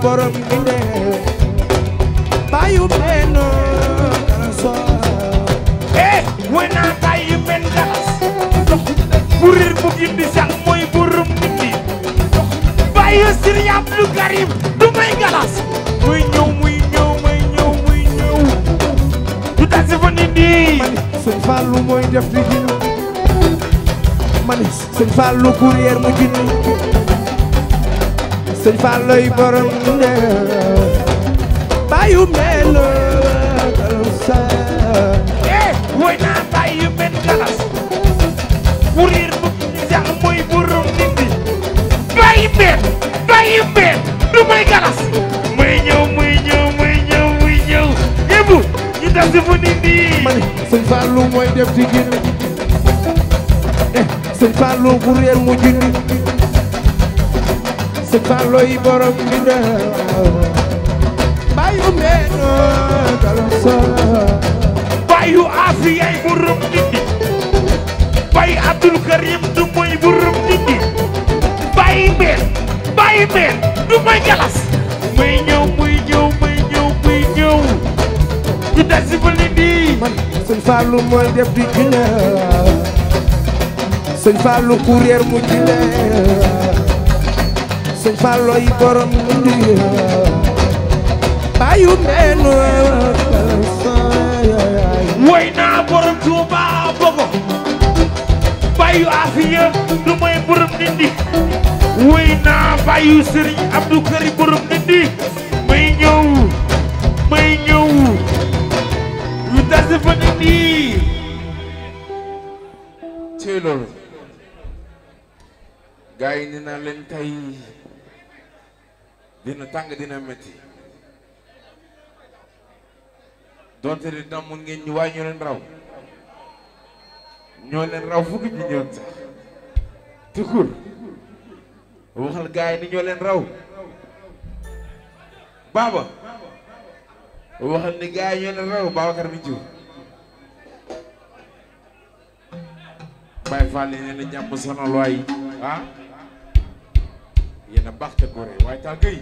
borom bindee bayu beno so wena tay men gas burir bu gindi sax mooy burum nit ñi bayu Serigne Abdou Karim du may galas muy ñëw muy ñëw muy ñëw muy ñëw du tase fa nit ñi Serigne Fallou mooy def di ginu man Serigne Fallou courrier ma ginu sëñ Falloy borom neel bàyyu mel eh, galas eh woy naa bàyyu mel galas burir bu jax mooy burum nit di bàyyi mel bàyyi mel du may galas muy ñëw muy ñëw muy ñëw muy ñëw yëbu ñu def si fu nit di ma ne sëñ Fallu si tàllooy borom bi dee bayu meeno dalom soo bayu afiyay borom nit bay abdul karim du moy borom nit bay meen bay meen du moy jalas muy ñëw muy ñëw muy ñëw muy ñëw du dasi di man sëñ Fallu mooy di gina sëñ Fallu kuréer mu ci sëñ Falloy borom ndiya bayu meenu woy naa borom Tuuba bogo bayu afiya du mooy borom nindi woy naa bayu sëriñ Abdou Karim borom nindi may ñëw may ñëw yu tase fa nindi ci loolu gaa yi nee naa dina tàng dina métti donte di tam mun ngeen ñu waaye ñoo leen raw ñoo leen raw fukki ji ñoon sax tukur waxal gaay ni ñoo leen raw baaba waxal ni gaay ñoo leen raw Babacar mi jiw Baye Fall yi ne na jàmm sonal waay ah? yéen a baax te góore waaye taa gëy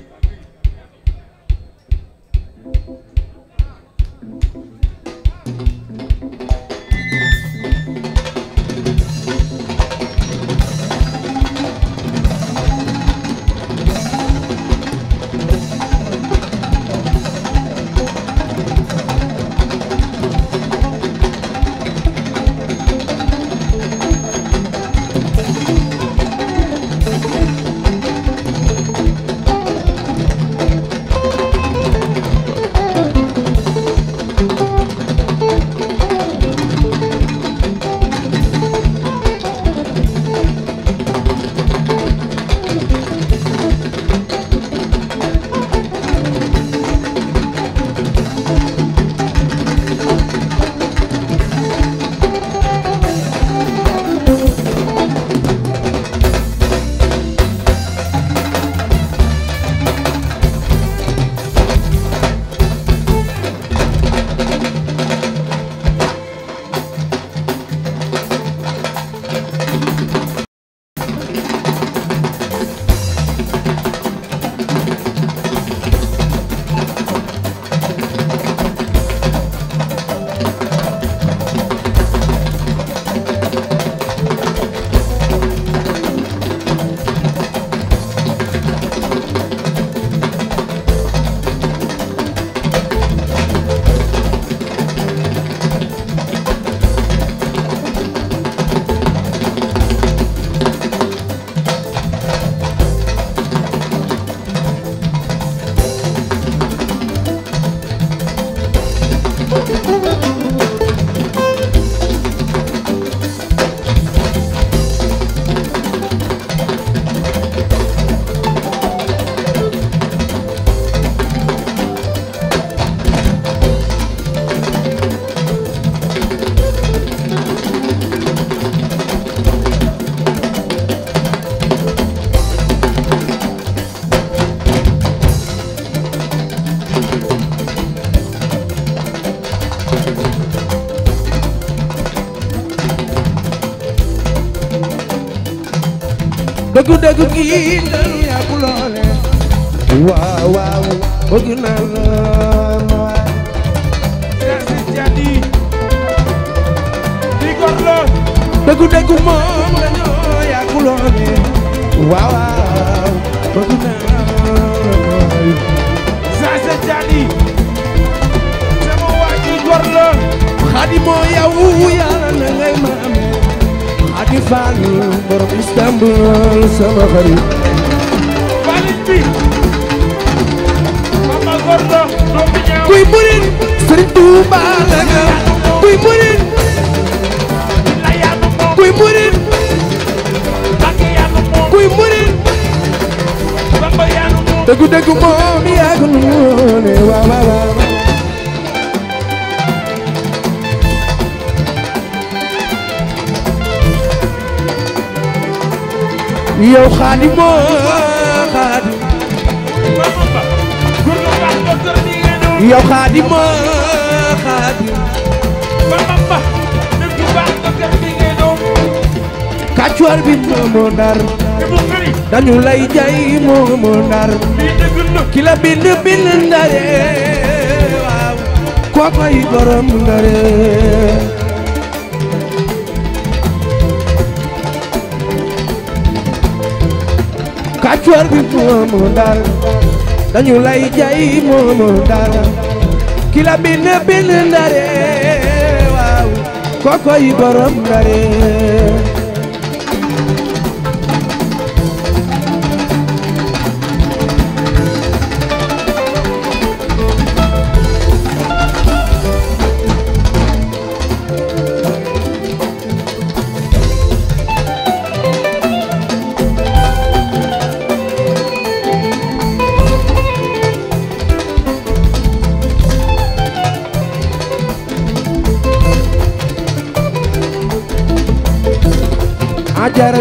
dëggu dëggu kii daru yaa ku loole waaw waaw bëgg naa lool ma waay seesi jadi di gor la dëggu dëggu moom dañoo yaa ku loole waaw waaw bëgg naa lool seesi jadi sama waa ji gor la xadi moo yaw yàlla na ngay ma Mbacke Fallu borom Istanbul sama xarit Falit bi Mama kuy murit Serigne Touba la kuy murit la yanu moom kuy murit Mbacke yanu moom kuy murit Bamba yanu moom yaa ko nu ne waaw yow xaadim moo xaadim yow xaadim moo xaadim kàccuwar bi moomoo ndar dañu lay jay moomoo ndar ki la bind bind ndare waaw kookoy kàccoor bi moomu dara dañu lay jaay moomu ki la bind bind ndare waaw kookoy borom ndare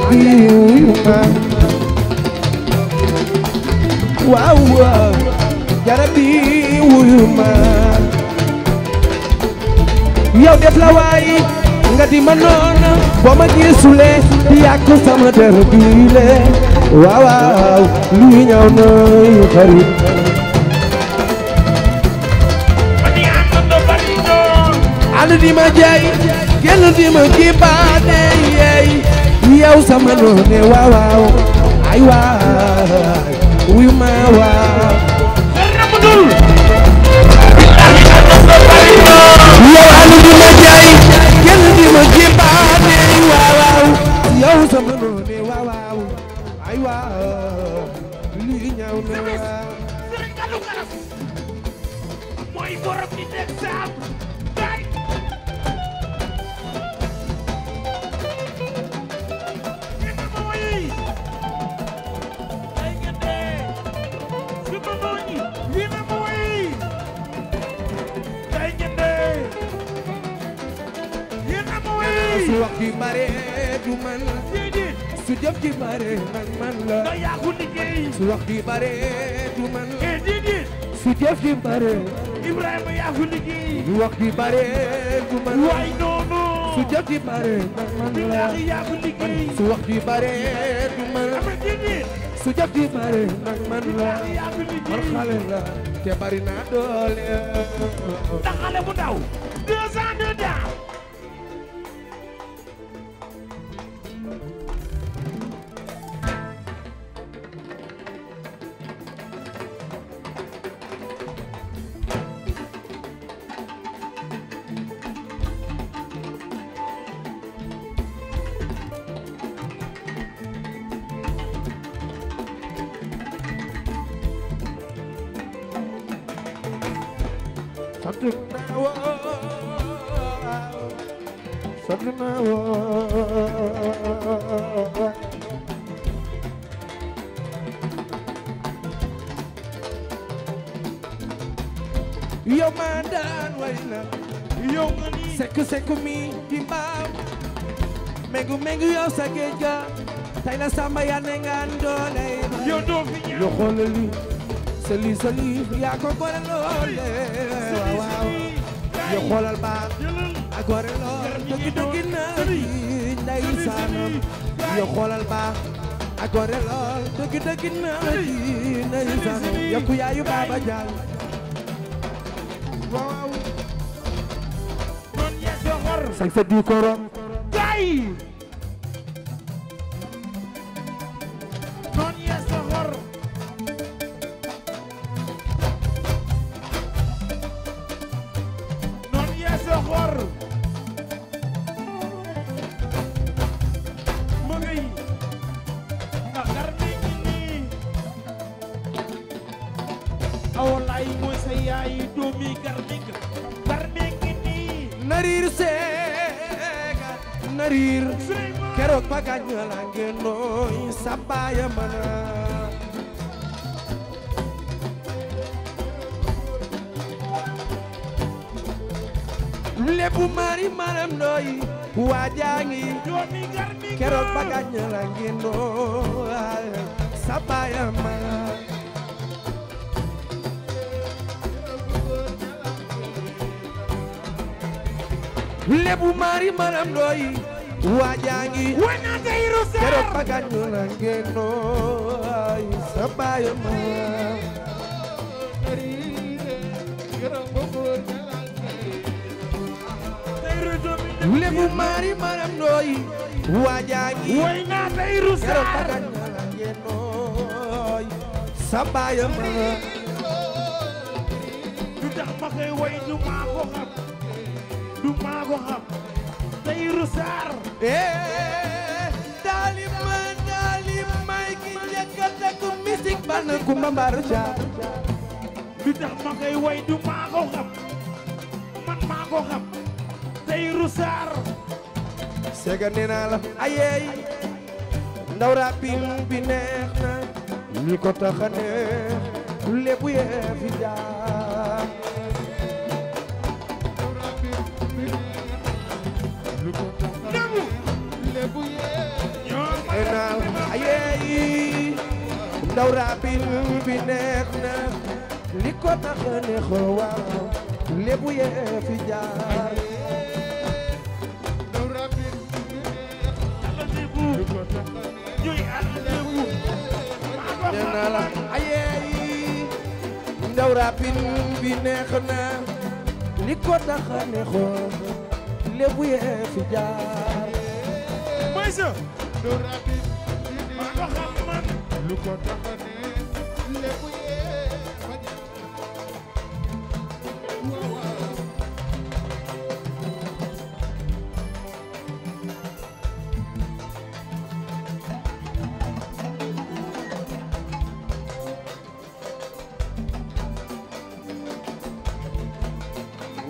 ma waaw waaw jarabi wuyu yow def la waay nga di ma noonu boo ma gisule yàq sama der biile waaw waaw luy ñëw na yu xarit ànd di ma jaay kenn di ma gibaane yeey yow sama noone waaw waaw ay waay wuyu ma waaw rabdul yow alu di ma jaay kenn di ma jébaane waaw waaw yow sama ji bare du man su jëf ji bare man man la nga yaa ko liggéey su wax ji bare du man e eh, didi su jëf ji bare Ibrahima yaa ko liggéey su wax ji bare du man waay noonu su jëf ji bare man man la yaa ko liggéey su wax ji bare du man su jëf ji bare man man la man xale la te bari naa doole ndax xale bu ndaw deux ans de daaw law sa géej ga tey la samba yaa ne nga ndoole yow doo fi ñëw yoo xoole li seli seli yaa ko gore loole waaw waaw yoo xoolal baax a gore lool dëgg dëgg na ndeysaan yoo xoolal baax a gore lool dëgg dëgg na ndeysaan yokku yaayu baaba jaal waaw sañ sa di korom mbër keroog ba gaañ la ngeen nooy sa baaya mana lebu mari maram ndoy waajangi keroog bagañ la ngi ndoo sabaya ma lebu mari maram ndoy wajangi wana teiru ser kero paganyo langeno ay sabayo ma Lebu mari maram noy wajangi wana teiru ser kero paganyo langeno ay sabayo ma du tax ma koy way du ma ko xam du ma ko xam Sayru Saar eh, daalim ma daalim may ki njëkk takk misik ba na Kumba Mbaaru Saar lu ma ngay way du maa ko man maa ko xam Sayru sega nee la ayeey ndaw rabbin bi neex na li ko tax a neex lépp yee fi jaar yi ndaw raabil bi neex na li ko tax a neex waaw lébu yee fi jaar ndaw raabil bi neex na nee naa la ayee ndaw raabil bi neex na li ko tax a neex lébu yee fi jaar doxam man lu ko taxa ne lépp yee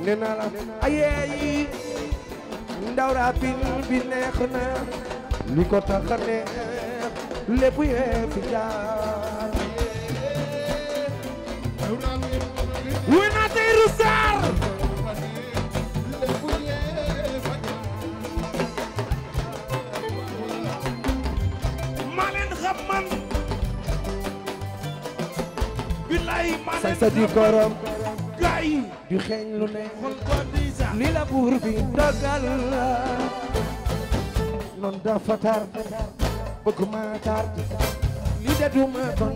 nena la ayeyi ndawra bin bi neex na li ko tax a neex lépp yi efficace wuy na tey rusaar maa leen xam man billaay maa leen xam di korom gaay di xeeñ lu ne li la buur bi dogal noon dafa tar bëgguma tarde li de duma bañ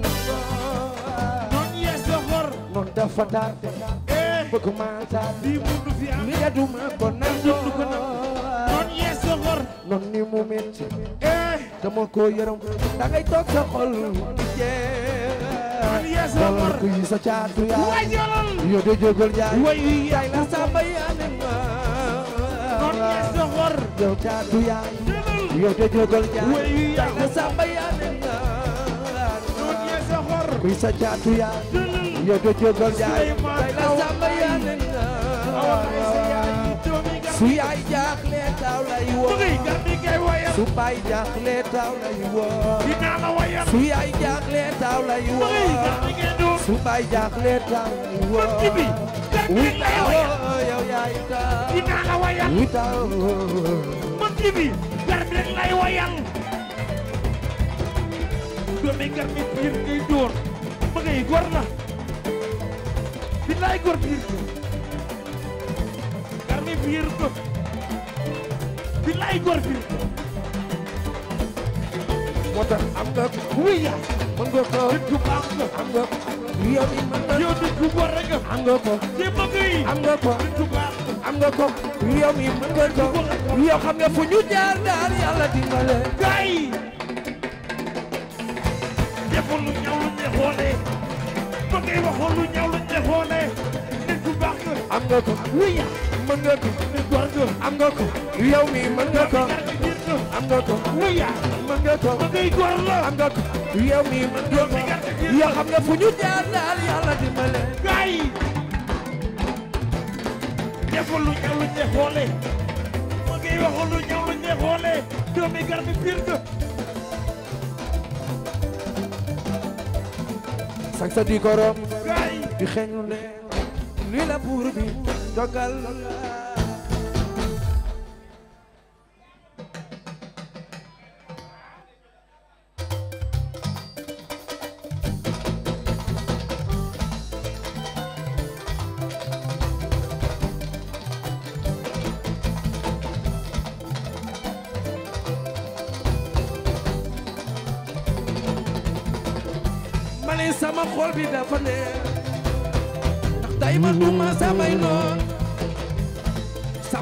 non yeeso xor non dafa tarde eh. bëgguma tarde li mu du fi am li de duma ko nangu ko nangu non yeeso xor non ni mu metti eh dama ko yërëm da ngay toog sa xol di jeex non yeeso xor ku yi sa caatu yaa way yolol yo de jógal jaay way yaay la sa bayane ma non yeeso xor yow caatu yaay yow te jogal way yaa a samba yaa ne ñaan sa xor kuy sa caatu yaa yow te jogal jaay tay la samba yaa ne ñaan su yaay jaaxle taw lay woo su baay jaaxle taw lay woo su yaay jaaxle taw lay woo su baay jaaxle taw lay woo witaawo yow yaay taaw witaawo man nag lay wayal doomi garmi piir ngay dóor ma ngay góor la billaay góor piir ko garmi piir ko billaay góor piir ko moo tax am nga wuya mën nga ko nit ku baax nga am nga ko yow it mën nga yow nit ku bon rek nga am nga ko ci bëgg yi am nga ko nit ku baax am nga ko yow it mën nga ko yow xam nga fu ñu jaar daal yàlla dimbale gars yi defoon lu ñaaw lu neexoone bëgg yi waxoon lu ñaaw lu neexoone nit ku baax nga am nga ko mën nga ko nit ku baax nga am nga ko yow mi mën nga ko am nga ko wuya mën nga ko ngay góor la am nga ko yow mi mën nga ko yoo xam nga fu ñu jaar daal yàlla dimbale gaay deful lu ñaw lu xoole ma ngay waxul lu ñaw lu ñu xoole doomi garmi biir nga sang sa di korom gaay di xeeñu leen li la buur bi dogal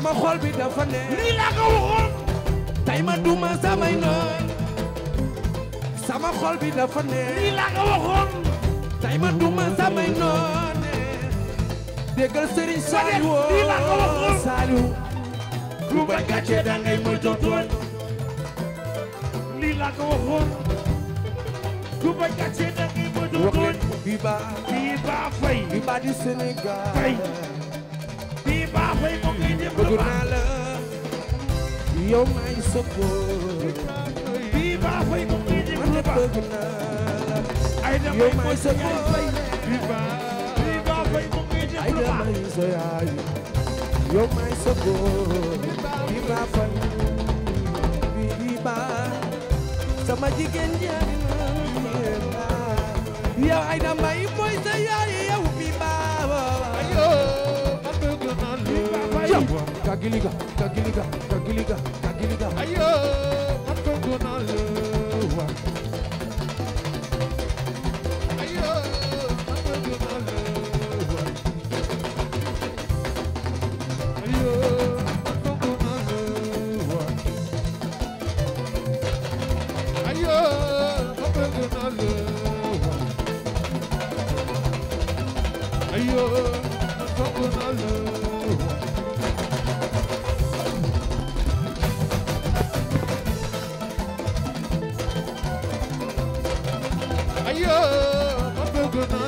sama xol bi ma duma samay noon sama xol bi dafa ne nii ma duma samay noon déggal Serigne Saliou nii laa ko waxoon Saliou lu ba gàcce da ngay ma jotoon nii laa ko waxoon ma jotoon bi ba fay bi di Sénégal fay fay bëgg naa la yow may sa góor bii baa fay ko muy di man bëgg naa la ay damay mooy sa góor bii baa bii baa fay ko muy di ay damay sa yaay yow may sa góor bii baa fay bii bii baa sama jigéen jaay na yaa ay damay kagiliga a kagiliga kagiliga ayo makogonalo ayo a ayo makogonalo ayo makogonalo ayo makogonalo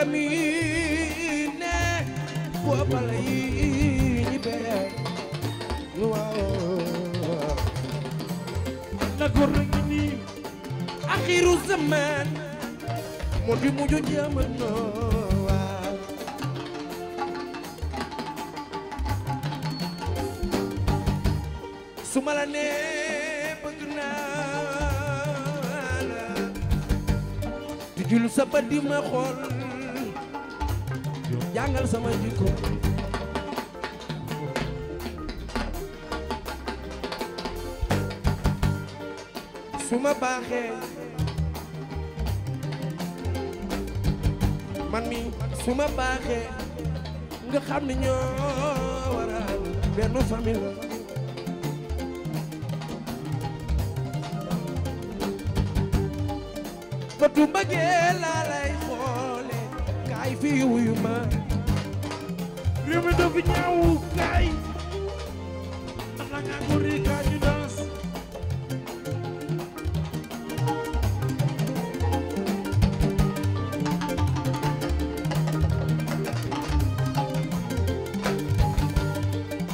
kamine ku apala yi ñi bere waaw na góor a ngi nii axiru zaman moo di mujj jamono su ma nee bëgg naa la di jul sa bët di ma xool jàngal sama jikko ma baaxee man mi su baaxee nga xam ne ñoo waral benn famille la bëtu mbëggee laa lay xoole kaay fii wuyu ma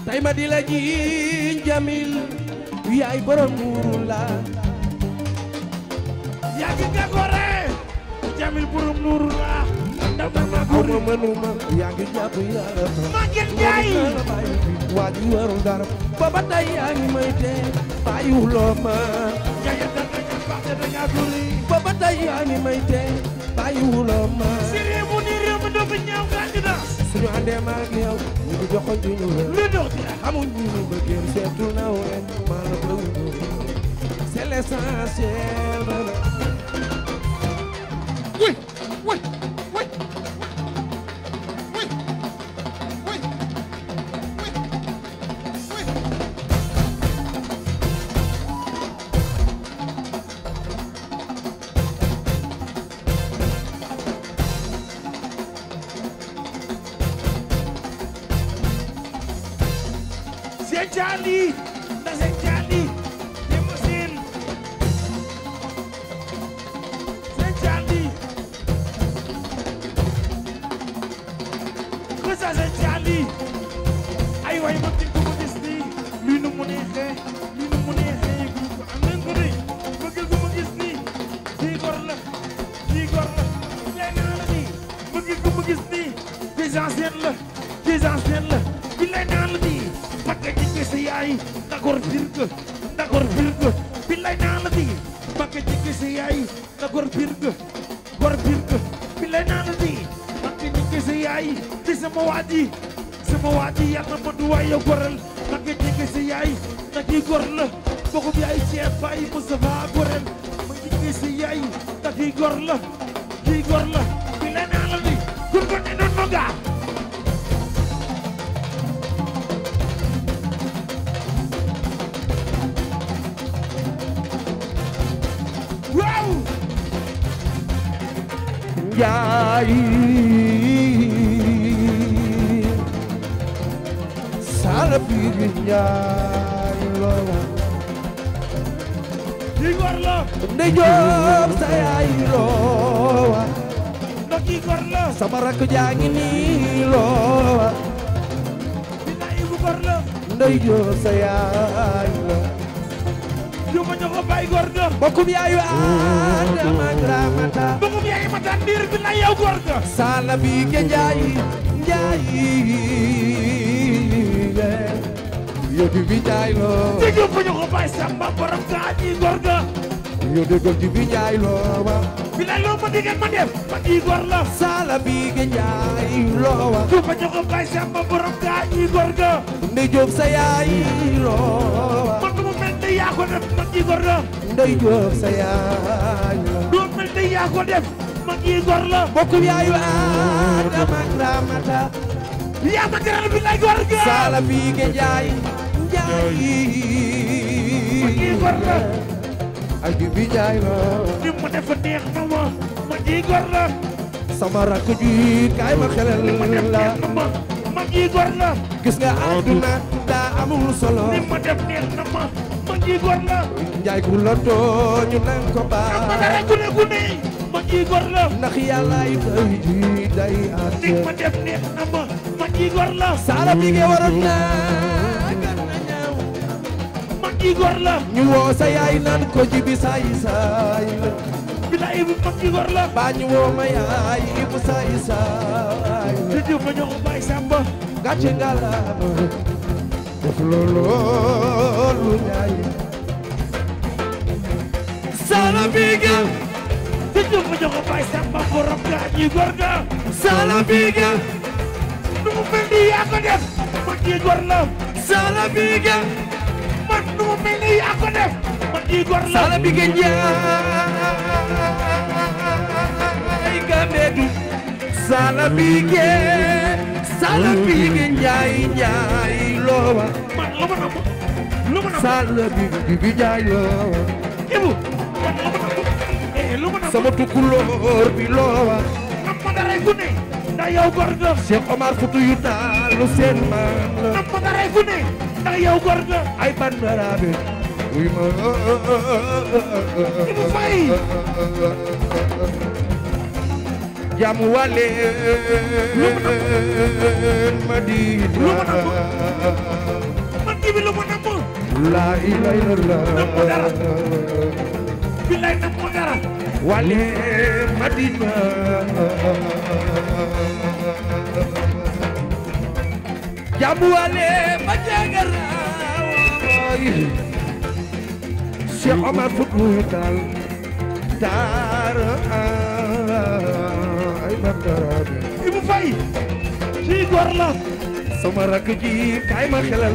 tay ma di la jiiñ jamil yaay borom muuru la yaa ngi nga gore jamil borom muuru ma mënuma yaa ngi jàpp yàlla Maguette Ndiaye waa ji warul dara ba ba tey yaa ngi may tee bàyyiwuloo ma jaga danga ja baax danga duli ba ba tey yaa ngi may tee bàyyiwuloo ma si réew mu ni réew mi dafa ñaaw kandida suñu àndee maa ngi yow ñu ngi joxoon ju ñu wér lu dox di xamul ñu ñu bëggeel seetul na wér maa la bëgg c'est l'essentiel Njaay saala biir Njaay loola kii gor la ndey sa yaay loowa ndo kii gor la sama rakk jaa ngi nii loowa dina ibu gor la ndey joor sa yaay loowa juma ñoo ko bay oh, oh, oh, gor la bokkum yaayu Adama ak Baye Matar Ndir bi na yow góor ga sala bi ke njaay njaay le yo di bi njaay lo dégg fu ñu ko Baye Samba borom kaa ñi góor ga yo de gol di bi njaay lo wa bilay lo ma digeen ma def ma di góor la sala bi ke njaay lo wa du fa ñu ko Baye Samba borom kaa ñi góor ga ne job sa yaay lo wa yaa ko def ma di góor la ndey job sa yaay do mel te yaa ko def mag yi gor la bokku yaayu Adama ak Ramata yaa ma gëral bi lay gor la aju bi jaay la ma mag yi gor la sama rakk ma xelal la ni mu def neex ma mag yi gis nga àdduna daa amul solo ni mu def neex na ma mag yi gor la njaay ku la tooñu nan ko baal sama rakk ne ma kii gor la ndax yàllaay xëy ji day ànd dig ma def neex na ma ma kii gor la saala bi nga waroon a gan ma kii gor la sa yaay naan ko ji bi saay la bilaay bi ma kii gor la baa ma yaay bu saay saay la jëjëf ma ñoo ko bàyyi sàmba gàcce nga la def loolu dum jogo bay samba borom gaañi gorga sala biga dum mel ni yaa ko def man di gor la sala biga man dum mel ni yaa ko def man di gor la sala biga njaay gambe du sala biga sala biga njaay njaay lowa man luma na luma na sala biga biga njaay sama tukkulóor bi loo wax nam ma daray fu ne ndax yow góor nga Cheikh Omar Futu yu taalu seen maam la nam ma daray fu ne ndax yow góor nga ay bandaraabe wuy ma Ibou Faye jam wale ma di man jibi lu ma namm la ilaha illallah billahi namm dara wale madina jamu wale majagaraawaay Cheikh Omar Foutiyou Tall daara ay mam daara Ibou Faye ci góor la sama rakk ji kaay ma xelal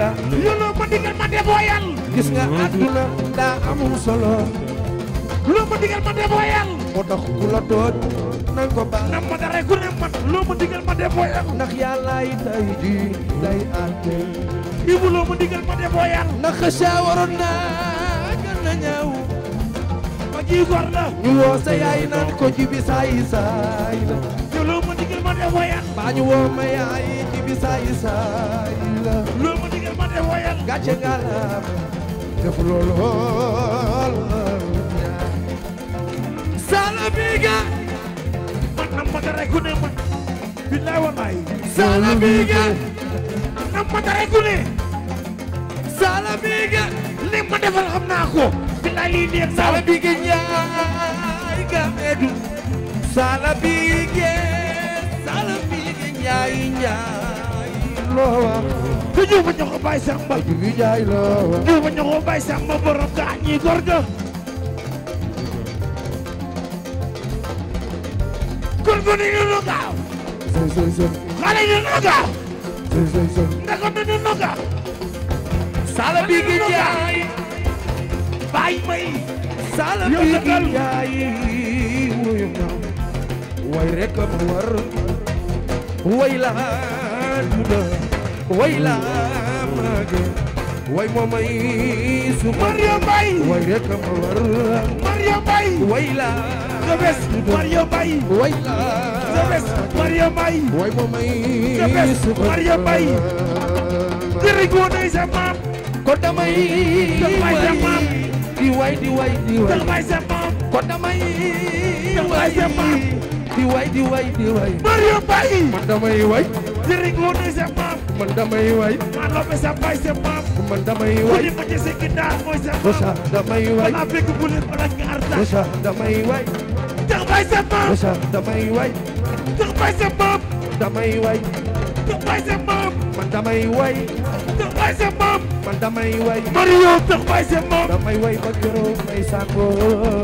la yolo ma digal ma debooyal gis nga àdduna daa amul solo loo ma digal ma def woyal ku la tooñ nañ ko baal nam ma dara ku ne man loo ma digal ma def woyal day àtte ibu loo ma digal ma def woyal ndax a ñaaw ma ji gor la ñu woo yaay naan ko ji bi saay saay la ñu ma digal ma def woyal ma yaay ji bi saay la loo ma digal ma def woyal gàcce nga la Salamiga man na ma dara ku ne man billaay wallaay Salamiga man na ma dara ku ne Salamiga li ma defal xam naa ko billaay lii neex Salamiga ñaay Gamedu Salamiga Salamiga ñaay ñaay loo wax te juuma ñoo ko bàyyi samba juuma ñoo ko bàyyi samba borom kaa ñi gorga kon bu ni ñu gaaw xale way rek ma war way la duna way la mage way mo may su Bay way rek ma war Maria Bay way Zobes Mario Mbaye way Zobes Mario Mbaye way mo may Zobes Mario Mbaye diri ko day sa maam ko damay damay way di maam di way di way di way Mario Mbaye damay way diri ko sa maam man damay way man lo sa bay sa maam man damay way ma ci sikki da moy sa maam ma damay way tëx bay sa maam damay way tëx bay sa maam damay way tëx bay sa maam man damay way tëx bay sa maam man damay way Mario tëx bay sa maam damay way ba keroog may sàngoo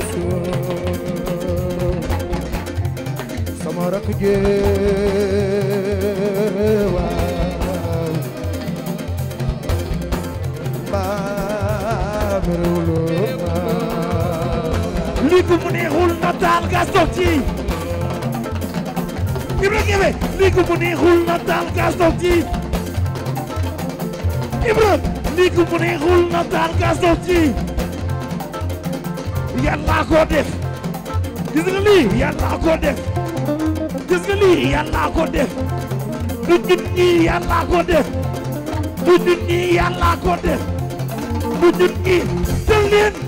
sama rakk jeewa ba meruloo li bu mu neexul nataal Castorci Ibra Kebe liigu mu neexul nataal Castorci Ibra liigu mu neexul nataal Castorci Yàlla ko def gis nga lii Yàlla ko def gis nga lii Yàlla ko def du nit ñi Yàlla ko def du nit ñi Yàlla ko def du nit ñi jël leen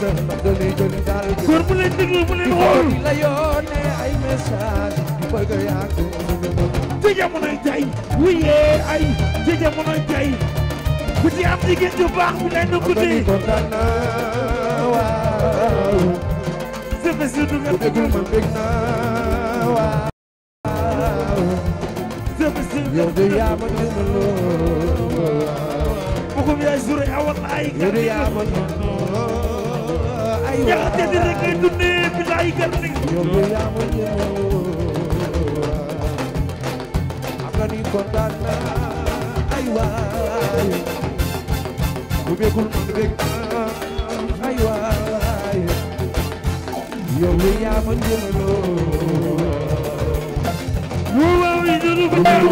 message ma doli joli daal góor bu leen déglu bu leen wóor la yónnee ay message di bëgg yaa ko ci jamono tey wuyee ay ci jamono tey bu ci am jigéen ju baax bu leen di guddi kontaan naa waaw sefe si du nga déglu ma bég naa waaw sefe si yow de yaa ma gën a lool bukum yaay sure awal ay yow de yaa ma gën a lool jaxate di rek ngay dundee bilaay garni akani kontaan naa ay waay bu beegul man bég naa ay waay yow yaa ma njëloo wu waaw yi jëlu ko taaru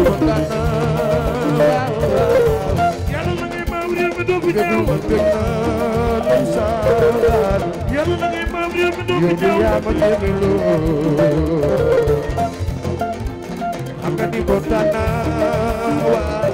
yàlla na ngay maa wureel mi doogu ñaaw yàlla na ngay maam réew mi doo ko jaaw ma teeloo xam nga ni kontaan waaw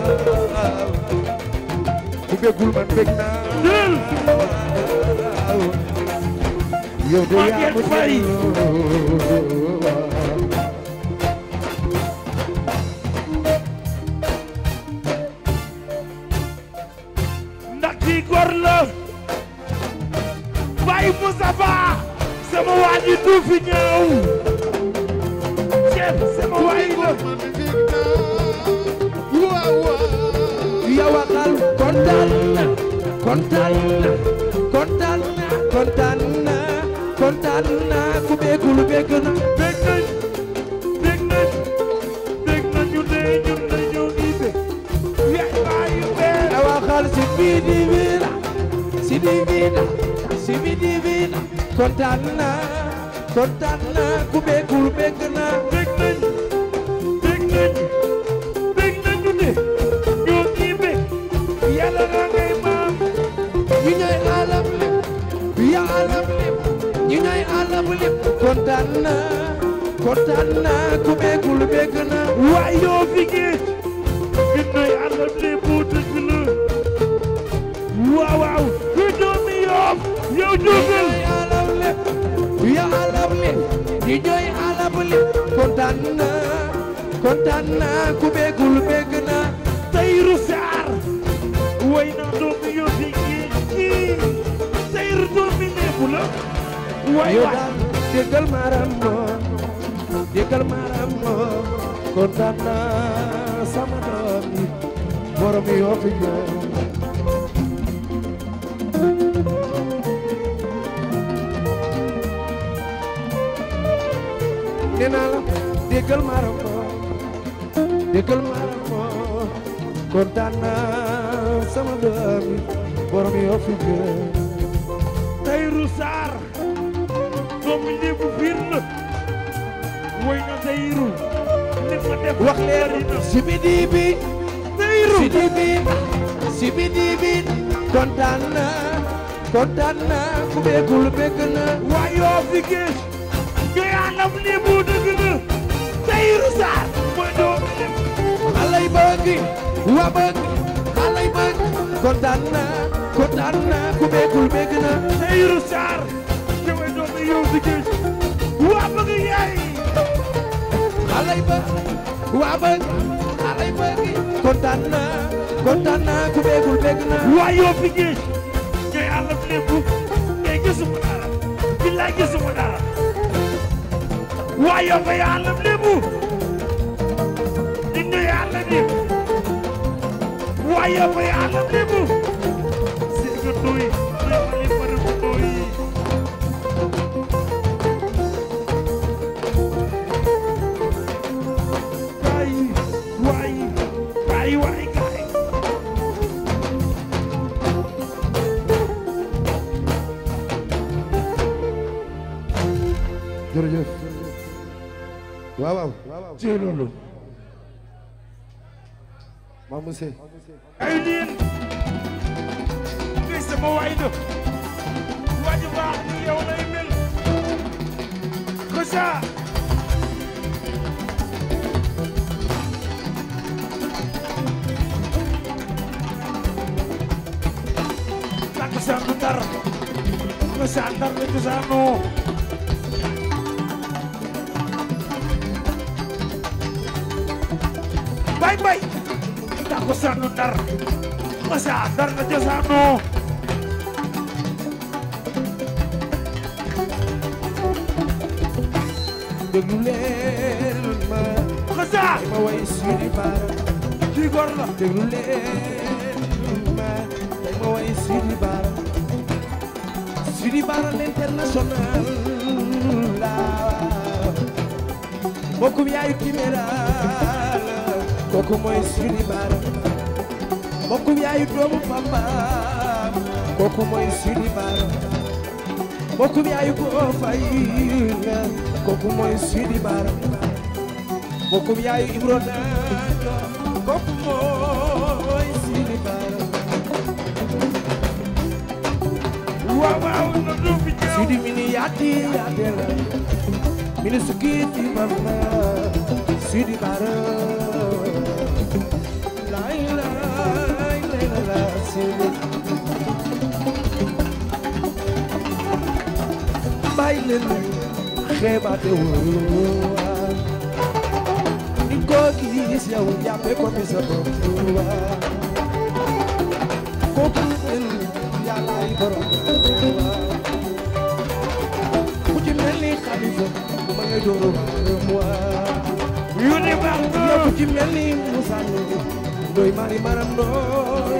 déggal sama doom borom yoo fi gën Tayru Saar doomu Lébu biir na woy Tayru wax leen si bidi bi Tayru si bidi bi si bidi bi kontaan naa kontaan naa ku beegul bëgg na waa yoo fi gën bëgg wa bëgg xale yi bëgg kontaan naa kontaan naa ku beegul beeg na. tey yu saar te may doon na yow di géej wa bëgg yaay xale yi bëgg wa bëgg xale yi bëgg kontaan naa kontaan naa ku beegul beeg na. waa yow fi géej ngay àll bi lépp ngay gisuma dara billaay gisuma dara waa yow ngay àll bi lépp. waaye mooy ànd lébu Sirga Ndoye xale bari bu Ndoye kaay waay kaay waay kaay jërëjëf waaw waaw ci loolu monsieur eh. ay cosaanu Ndar masa Ndar la cosaanoo déglu leen ma masa ma way suñu baara di góor la déglu leen ma ma way suñu baara suñu baara l'international la bokkum yaayu Kimera kooku mooy suñu baara mbokkum yaayu doomu pambaam kooku mooy Sidi Bara mbokkum yaayu Go Faye kooku mooy Sidi Bara mbokkum yaayu Ibro Dajo kooku mooy Sidi Bara waaw waaw noddu bi ñëw mi ni yaati yaate la mi ni sukkiiti bamba Sidi Bara kaay leen xeebaate wóor ni koo gis yow jàppe ko fi sa bopp ko gis leen yàllaay borom ku ci mel ni xalifa ma ngay dóoru yu ni baax ku ci mel ni Moussa Ndoye mari maram doy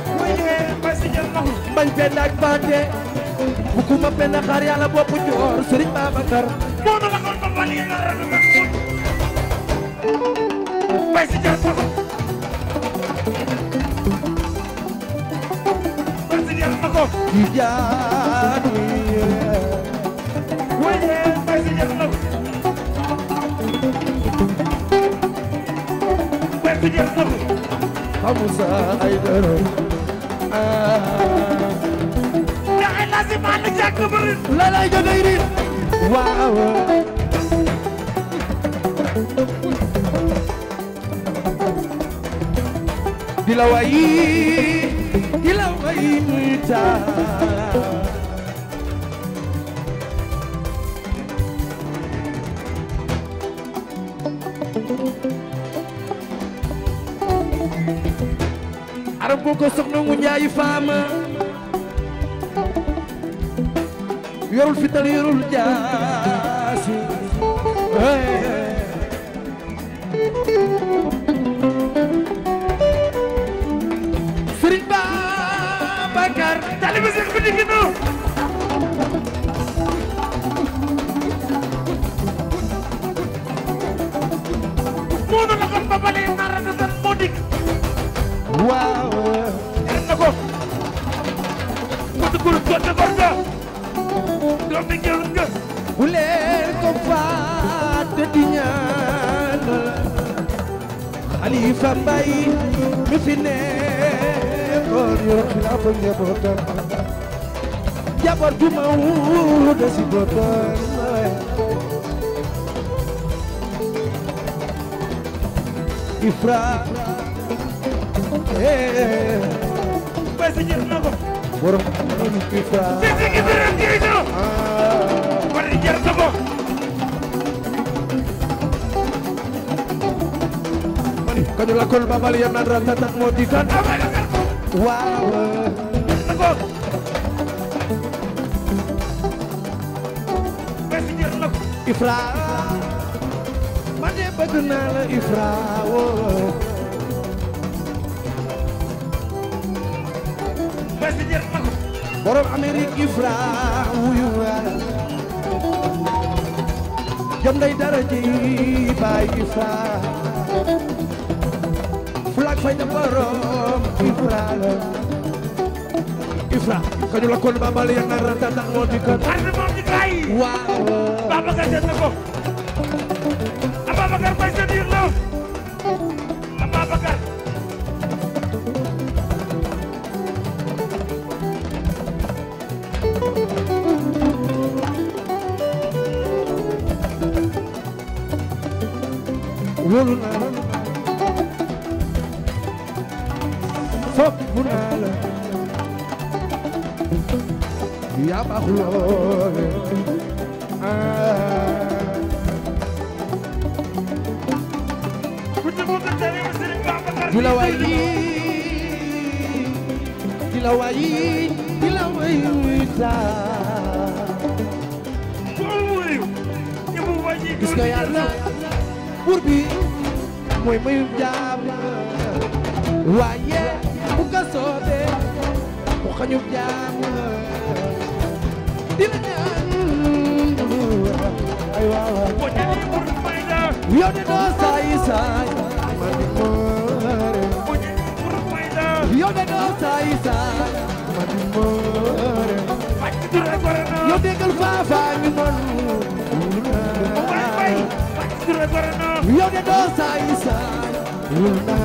bañ benn ak bande bukuma benn xaar yàlla bopp joor Serigne Babacar moo na la kon ba bali na ranu na bay si jar sax bay si jar mako di jaadu waye bay si jar mako bay si jar mako xamusa ay dara akbar la lay jo day riir waaw di la wayi di la wayi muy taa aram ko ko soxna mu ñaayi faama yorul fital yorul jaasi Serigne Babacar talibi Seex bi digg na moo nu laxan ba balee mara na tan moo dig waaw er na ko ko dugul ko dugul ko doomi ñaan nga bu leen ko fàtte di ñaanal Xalifa Mbay mi fi nekkoon yor xilaafa njabootam jaboot ju ma wuude si bootam ifra eh, eh, eh. basi ñëpp na ko borom ifra jar na ko mani kañu lakkol babal yan nan ran tan moo di tan waaw jar na ko bés jar na ko ifra man de bëgg naa la ifra woo bés jar na ko borom Amérique ifra wuyu wala jom day dara ji baay bi fulaak fay na borom Ifra la Ifra kañu la kon baabal ya na rantata moo di ko xar na moom ñu kay waaw Babacar jël na ko a Babacar bay sa biir la قلنا صبنا يا مخلوق دلوين دلوين دلوين gis nga yàlla buur bi muy muy jaama waaye bu ko soobee mu xañu jaama dina ñaan ay waaw yow de doo saay saay man di moore yow de doo saay saay man di moore yow déggal faafa ñu mën yow de doo saay saay yow de doo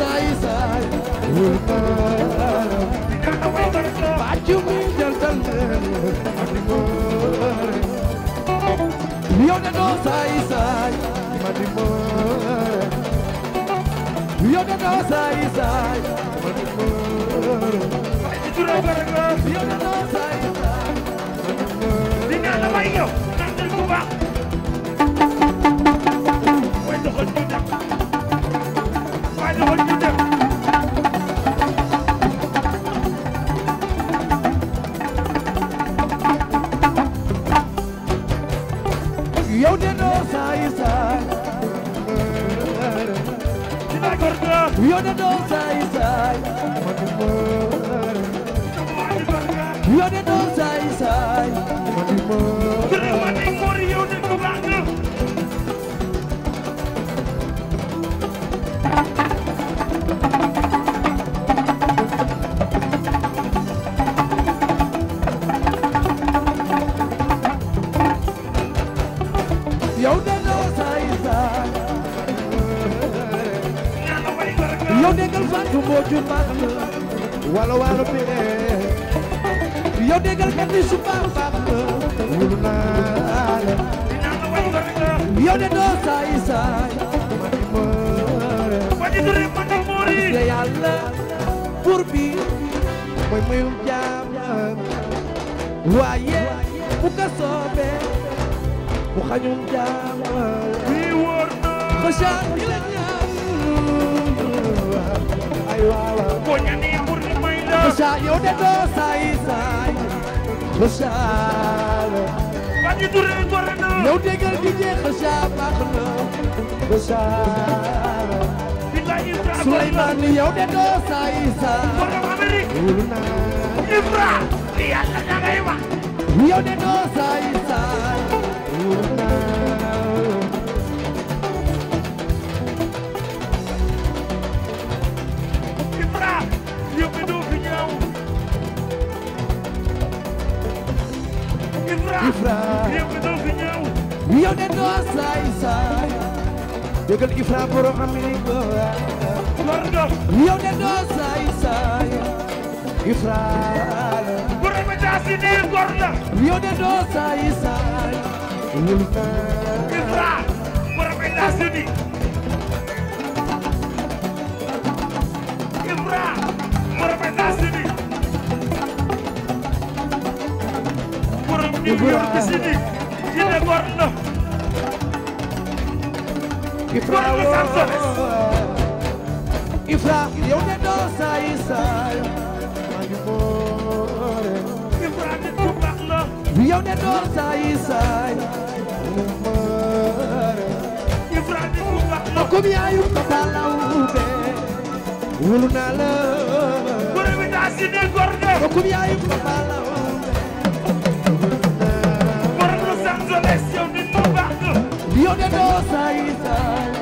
saay saay yow ba jumi jantal yow de doo saay saay yow de doo saay saay yow de doo saay saay baax te yàlla buur bi mooy muyum jaamam waaye bu ko soobee mu xañum jaamam bii wóor na xëccaat yi la ñaan ay waawa ko ñani buur ni may la xëccaat yow de doo saay saay xëccaat bañu duree gore na yow déggal di jeex xëccaat baax na xëccaat Souleymane yow de doo saay saay. borom Amérique. wóolu naa. Ibra. li yàlla da ngay wax. yow de doo saay saay. wóolu naa. Ibra. yow mi doo fi ñaaw. Ibra. Ibra. yow mi doo fi ñaaw. yow de doo saay saay. déggal Ibra borom Amérique yow de doo saay saay ifraal a jaasi ne gor la yow de doo saay saay ifraal borom a jaasi ni ifraal borom a jaasi ni borom ni yow de si ni yi ne gor la borom a Ifra yow de doo saay saay maa ngi moore Ifra nit ku baax la yow de doo saay saay Ifra nit ku baax la comme yaayu talaw be wulu naa la gore bi daa si ne gor de comme yaayu talaw be war lu sang yow nit ku baax la yow de doo saay saay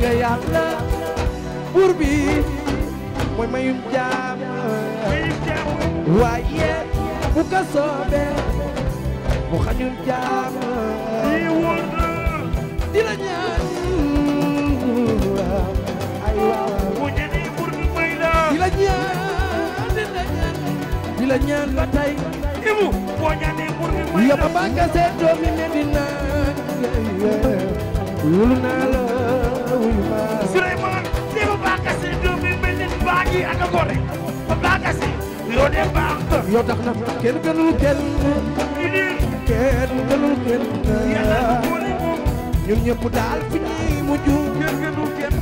nga yàlla buur bi mooy mayum jaam waaye bu ko soobee mu jaam di la ñaan di la ñaan di la Souleymane ne ma baagase doom bi mel ni baag yi ak a gore ma baagase yoo dee baax. yoo tax na kenn gënul kenn. kenn gënul kenn. yàlla boole moom. ñun ñëpp daal fi ñuy mujj. kenn gënul kenn.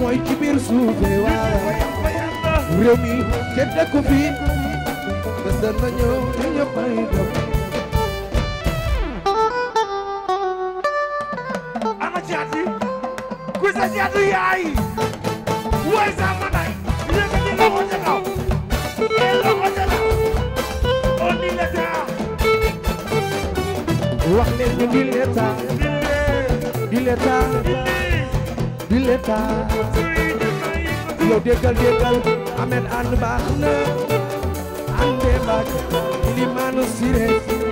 mooy ci biir suufee waaw. réew mi kenn dëkku fi. bés dana ñëw ñu ñëpp ay doom. wax leen ñu di l'état di l'état di l'état yow déggal déggal amen ànd baax na àndee baax li maanu siree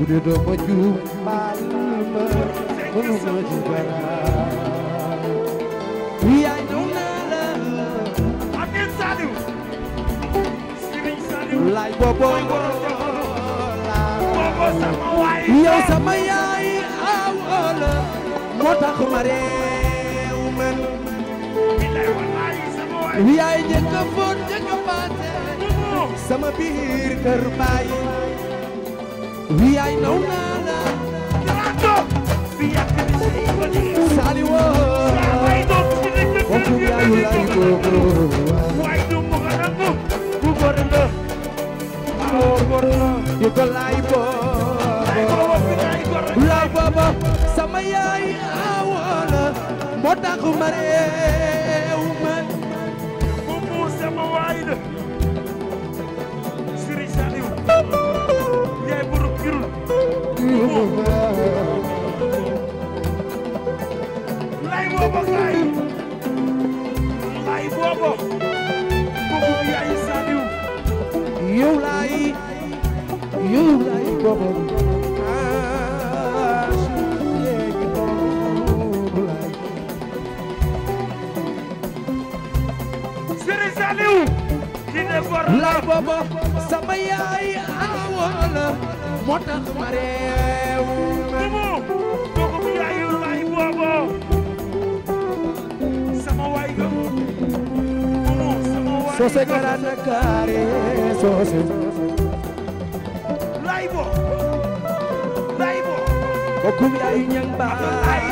bu dee doo ma juum baal ma mënu ma ci dara laay bobo yow sama yaay aw ëllë moo tax ma réew man yaay njëkk a fóot njëkk a paase sama biir kër baay yaay naw naa la saali woo woo kum yaayu laay bobo yu ko sama yaay awoola moo tax ma réew ah, ma bu sama waay la Serigne Saliou yaay buru kirul laay booboo yow laay yow laay borom Serigne Saliou dina gor moo tax ma réew soose gara nakaare soose laybo laybo okum yaay ñang baay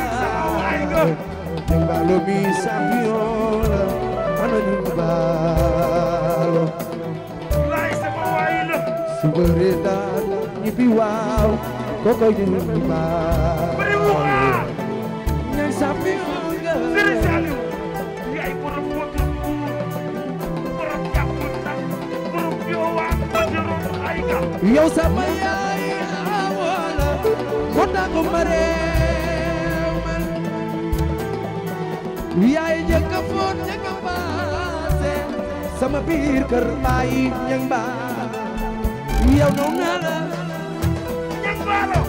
ñang baalo mi champion la ano ñang baalo lay sama waay la subare ñibbi waaw koko ñang baalo yow sama yaay awala moo tax ma réew man yaay njëkk a foon njëkk a paase sama biir kër baay ñang ba yow naw naa baalo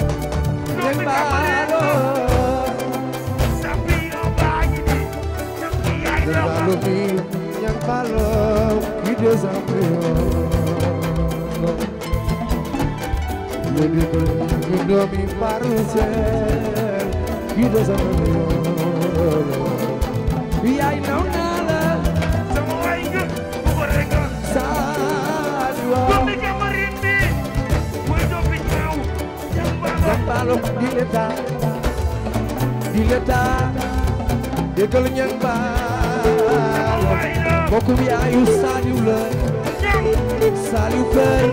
ñang baalo sambiyo baalo bi baalo yi de sambiyo baby you know me Marcel you doesn't naw naa la sama waay nga bu ko rek saadwa comme que marine bi mooy do fi ñaaw jambalo di leta di leta déggal ñang ba bokku yaayu Saliou la Saliou Pell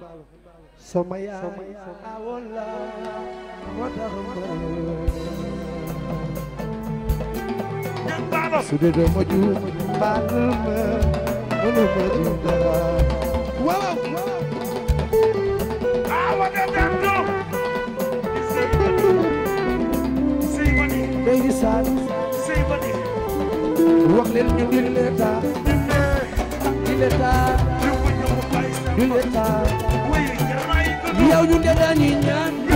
sama yaay awoon la moo tax ma su dee dama juum baal ma mënu ma juum dara waaw awa da dem do sey ma ni baby sal sey ma ni wax leen ñu di l'état di l'état di l'état yow ñun de dañuy ñaan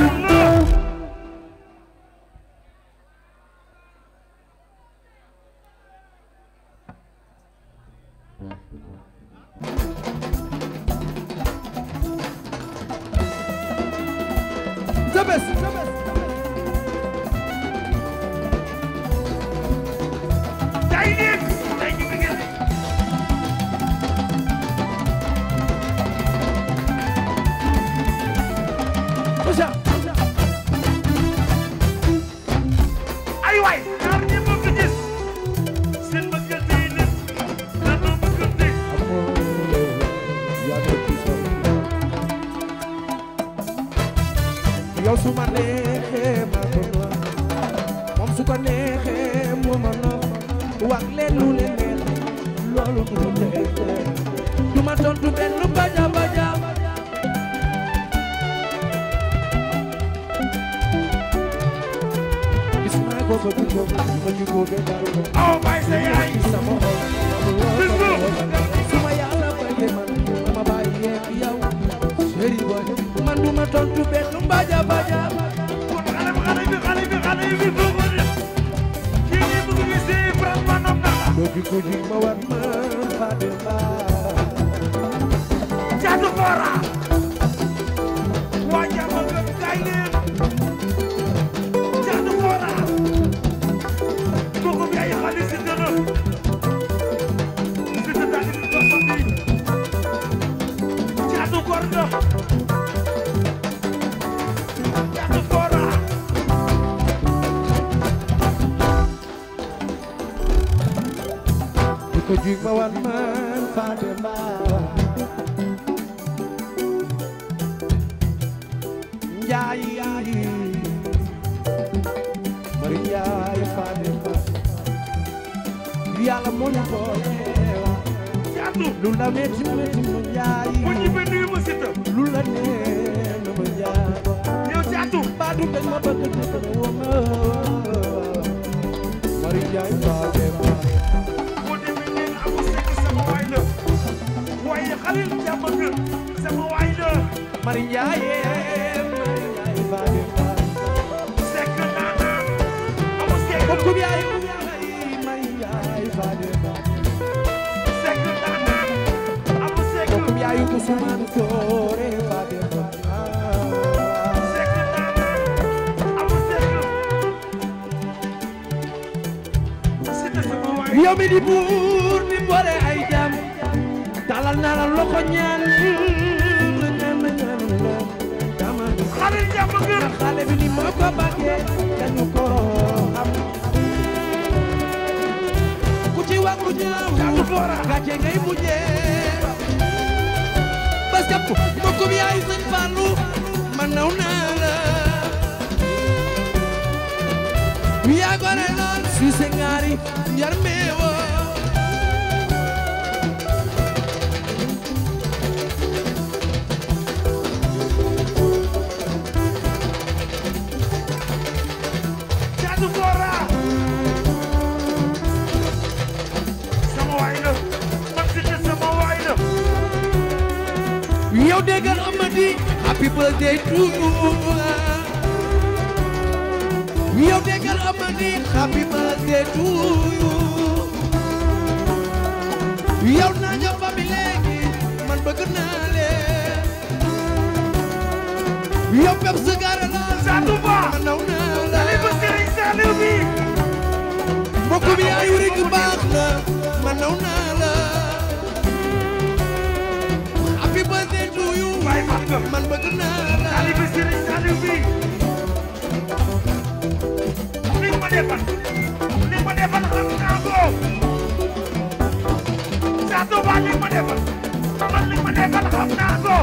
ko jig ma wan man Fatima Njaay yaay Mari Njaay Fatima Yàlla moo ñu boole jaatu lu la metti metti ma Njaay bu ñu be lu la nee na ma Njaay yow jaatu baadu dañ ma bëgg te ma Mari Njaay Fatima la waaye Xalil jàmm nga sama waay la Mari Njaaye Sekk naana amu sekk ko biay Mari Njaaye Fade Sekk naana amu sekk ko biay Usmaan Soore Fade Sekk naana amu sekk Yow mi di buur tàllal naa la loxo ñaan ma ñaan ma ñaan loo dama xale jàmm nga xale bi ni ma ko bàggee dañu ko ku ci wax lu ñaaw kàddu foora gàcce ngay mujjee ba sëpp mbokkum yaay sëñ Fallou naw naa la wi yaa gore lool se ngaari njar meewa déggal Amady happy birthday to you yow déggal Amady happy birthday to you yow naa ba man bëgg naa leen yow bépp sa gaara la Satouba man naw naa la baax na man bëgg naa la taalibe Sëriñ Saliou bi ni ma defal ni ma defal xam naa ko saa Tuuba ni ma defal man ni ma defal xam naa ko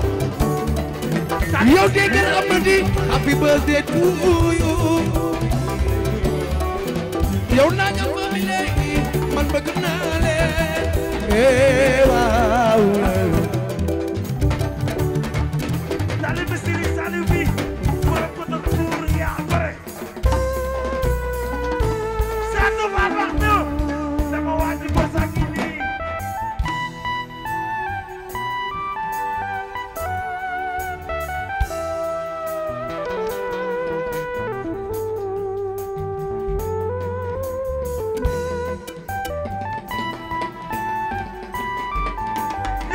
yow déggal Amady happy birthday to you yow naa nga ma léegi man bëgg naa leen eh, waaw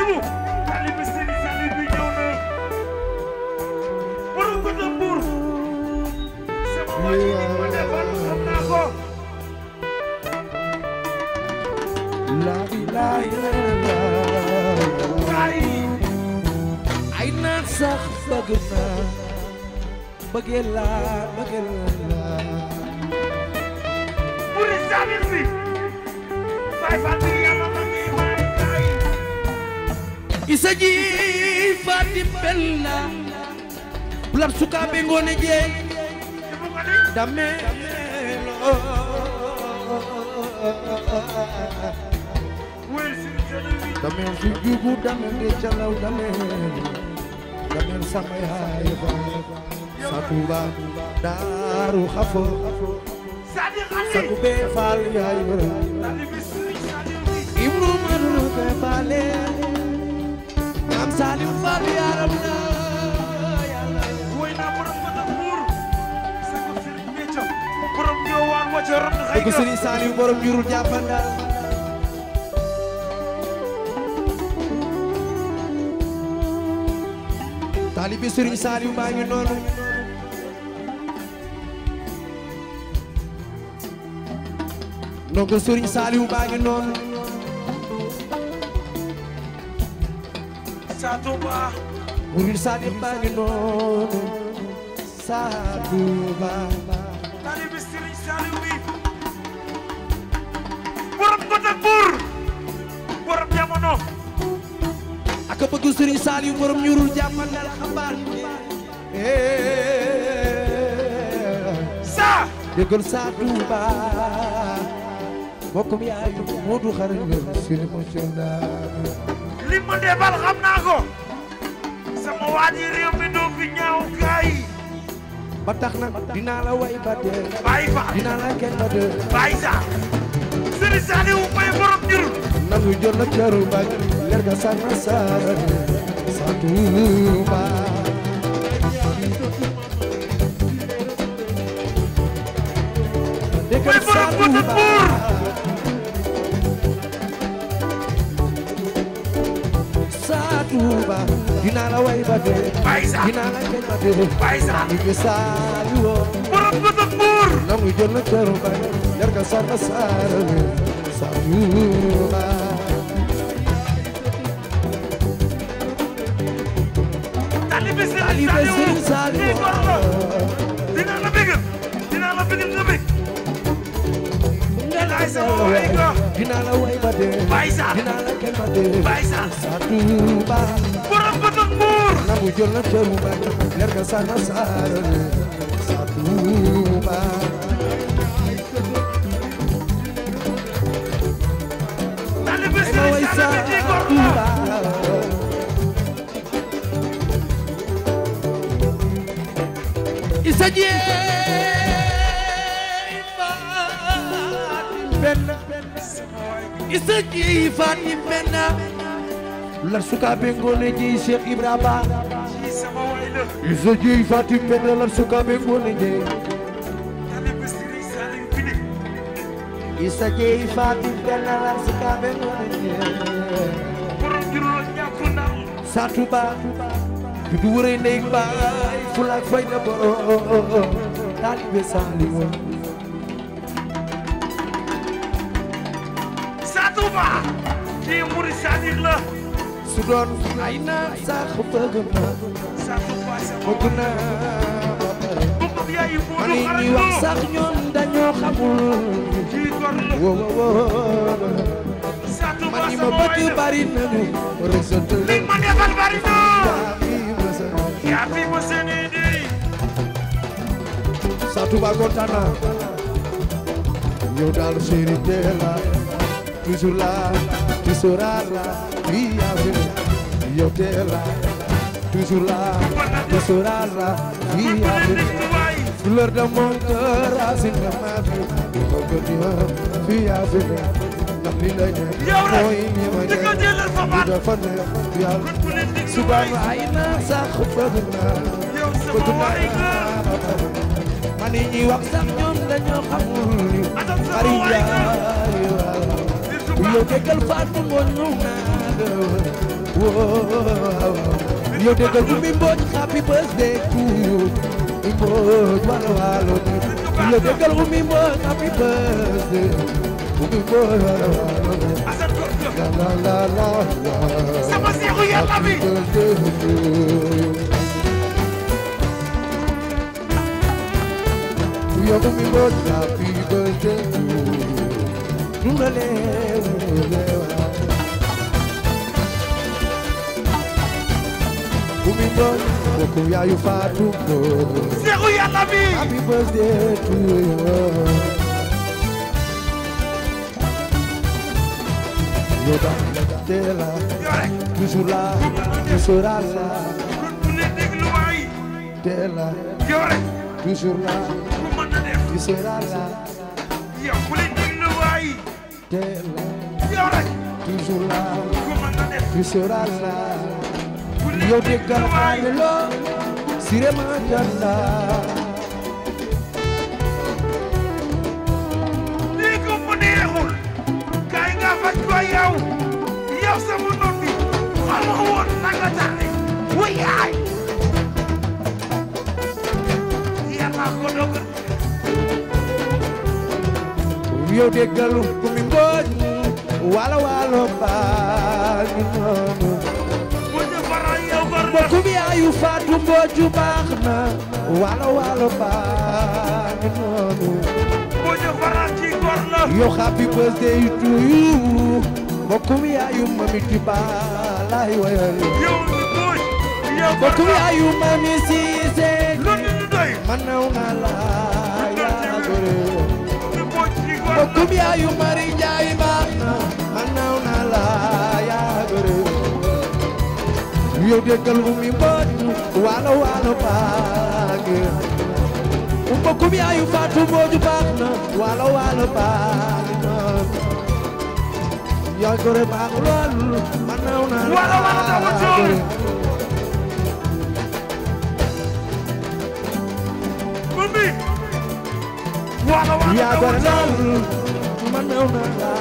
mu taalibe Serigne Saliou bi ñëw na borom ko na buur sama waa ji ni ma defal xam naa ko la ilaha illallah ay naan sax bëgg naa bëggee laa bëggee laa buur Saliou bi seji fatim bella bulat sukaɓe gone jeey damelo damel so juugu damel de calaw saku ɓe fal yayra ibnu madru ɓe Saliou Fall yaaram na yàlla woy naa borom ma tam muur sako Serigne Béthio borom ñëwaan wacce ron xëy ko Serigne Saliou borom jurul jàppandal taalibi Serigne Saliou baa ngi noonu ndongo Serigne Saliou baa ngi noonu sa Touba murid sadiq baa ngi noonu sa Touba talibi Sëriñ Saliou bi borom kota buur borom jamono ak bëgg Sëriñ Saliou borom ñurul jàppandal xabaar sa déggal sa Touba bokkum yaayu Modou xarit Sëriñ Moustapha li mu debal xam naa ko sama waa ji réew mi doo ñaaw gaay ba na dinaa la way ba dee bàyyi fa dinaa la kenn ba dee bàyyi sa sëriñ Saliou Mbaye borom jurul nanu jor la caru baag leer ga sa na saara sa Tuuba dëkkal sa Tuuba dinaa la way ba dee. Baysa dinaa la jël ba dee. Baysa maa ngi Saliou woo. borom bët ak buur. nangu jël na kër ba yar ka soxna Saara leen Saliou ba. talibe Serigne Saliou dinaa la bëgg dinaa la bëgg nga bëgg. Baysa dinaa la way ba dee. Baysa dinaa la jël ba dee. Baysa Saliou ba. mu jël na teru ba leer sa nasaara sa Tuuba isa jeey faat isa jeey faat benna lar suka bengole jeey Cheikh Ibra Isoji ifati pedala suka mengone nje Isoji ifati pedala suka mengone nje Satu ba Dudu wure neik ba Fulak fay na boro Talibe samli Satu ba Kii muri sadik la Sudon Aina sa khufagana bëgg man li ñuy wax sax ñun dañoo xamul wow man ñi ma bëgg bari nañu réseau li ma defal bari na yaa fi ma seen di Satou Ba kontaan naa yow daal chéri de la toujours là tu seras là oui yow toujours là tu seras là oui avec douleur de mon cœur racine de ma vie il faut que tu me tu as fait la pile de moi il me dit de fond tu as subhana aina sa khufadna yow sama waayga man ñi wax sax ñoom dañoo xamul bari yaa yow tegal faatu mo ñu na yo déggal Oumy Mbodj happy birthday to you Mbodj walo walo ni yo déggal Oumy Mbodj happy birthday Oumy Mbodj walo walo la la la la la sama seexu yàlla bi yo Oumy Mbodj happy birthday to you bingo bokum yaayu faatu góor seexu yàlla bi happy birthday to you Yoda, t'es là, toujours là, tu seras là. T'es là, toujours là, tu seras là. T'es là, toujours là, tu seras là. yow déggal maa ngi la Siré Madjalla lii ko mu neexul kaay nga faj ko yow yow sama noppi xamu woon na nga tànne wa yaay yàlla ko dogal yow déggal ku mi mbooj wala wala baa ngi noonu booju baax na walo walo baax na noonu booju faral ci góor la yow happy birthday to you mbokkum yaayu mami di balaay wayal yow mi booj yow mbokkum yaayu mami siise loolu ñu doy man naw naa la yaa gore mbokkum yaayu mari njaay baax na man naw naa la yaa gore yow déggal ummi mbooj waalo waalo baage umma kum yaayu faatu mbooj baax na waalo waalo baage na yaa gore baax lool man naw naa waalo waalo dafa jool ummi waalo waalo yaa gore lool man naw naa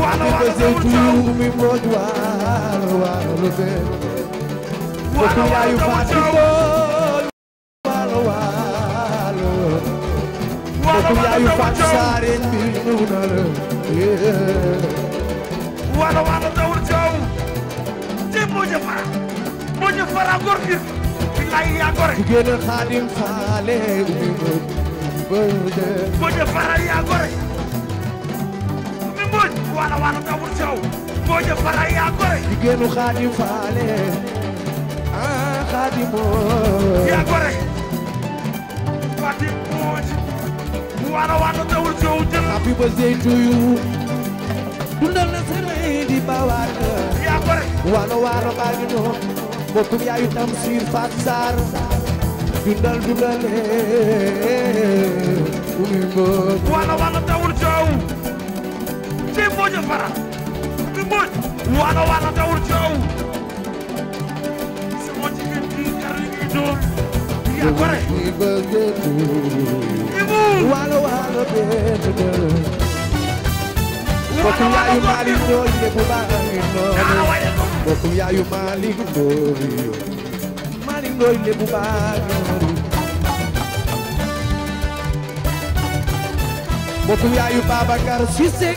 waalo waalo dafa jool ummi mbooj waa walo lo fe Walo walo walo walo walo Walo walo walo saren bi nuna Walo walo dawul jaw Ci moje fara moje fara gor gi billahi ya gore Jigéen Xaadim Faale ubi bëgg Moje fara ya gore Mi mboj walo walo dawul jaw boo fara yaa gore jigéenu xaadim faale yaa gore Fatim Mbodj mu war a wàllu tawul coow jël happy birthday to dundal na sëmay di bawaar yaa gore wàllu waaro baa ngi doon yaayu tam Faat Sarr dundal dundal umi mbóoj wàllu wàllu tawul ci Mbodj fara mbóot waalo waalo dawul coow sama jigéen gi kari gi doon yaa gore ibu waalo waalo beetu dël bokkum yaayu maalik doon de bu baax a ngi noonu bokkum yaayu maalik doon maalik doon de bu baax noonu bokkum yaayu Babacar Cissé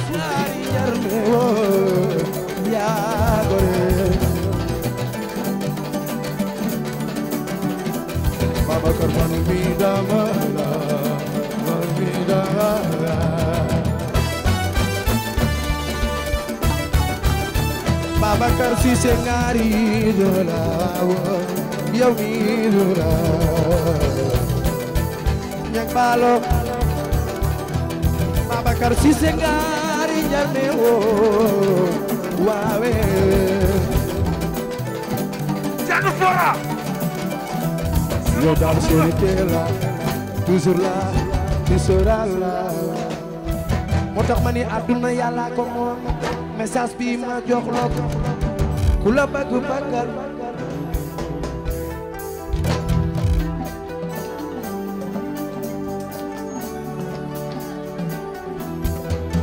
Babacar si se ngari dola wo yow mi dola ñak balo Babacar si se ngari jarne wo oh, waawe Thiatou Fora yow la toujours la moo tax ma ni àdduna yàlla ko moom message bi ma jox la ko ku la bëgg bëggal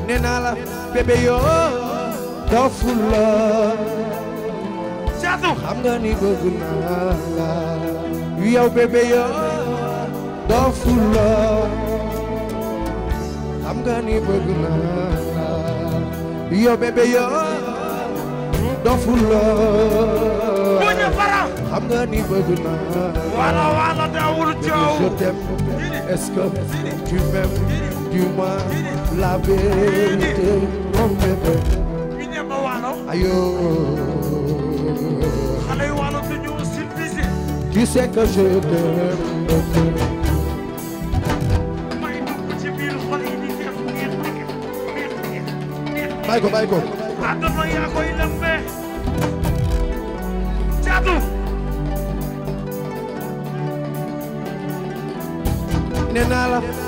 nee naa la bébé yoo xam nga ni bëgg naa la yow bébé yoo doful xam nga ni bëgg naa la yow bébé yoo doful la buñu fara xam nga ni bëgg naa wala wala daawul coow je t'aime est-ce que tu la vérité, mon bébé. Aïe, tu sais que je t'aime. Bayko, bayko. Adama yaa koy lëmbee. Caatu. Nee naa la.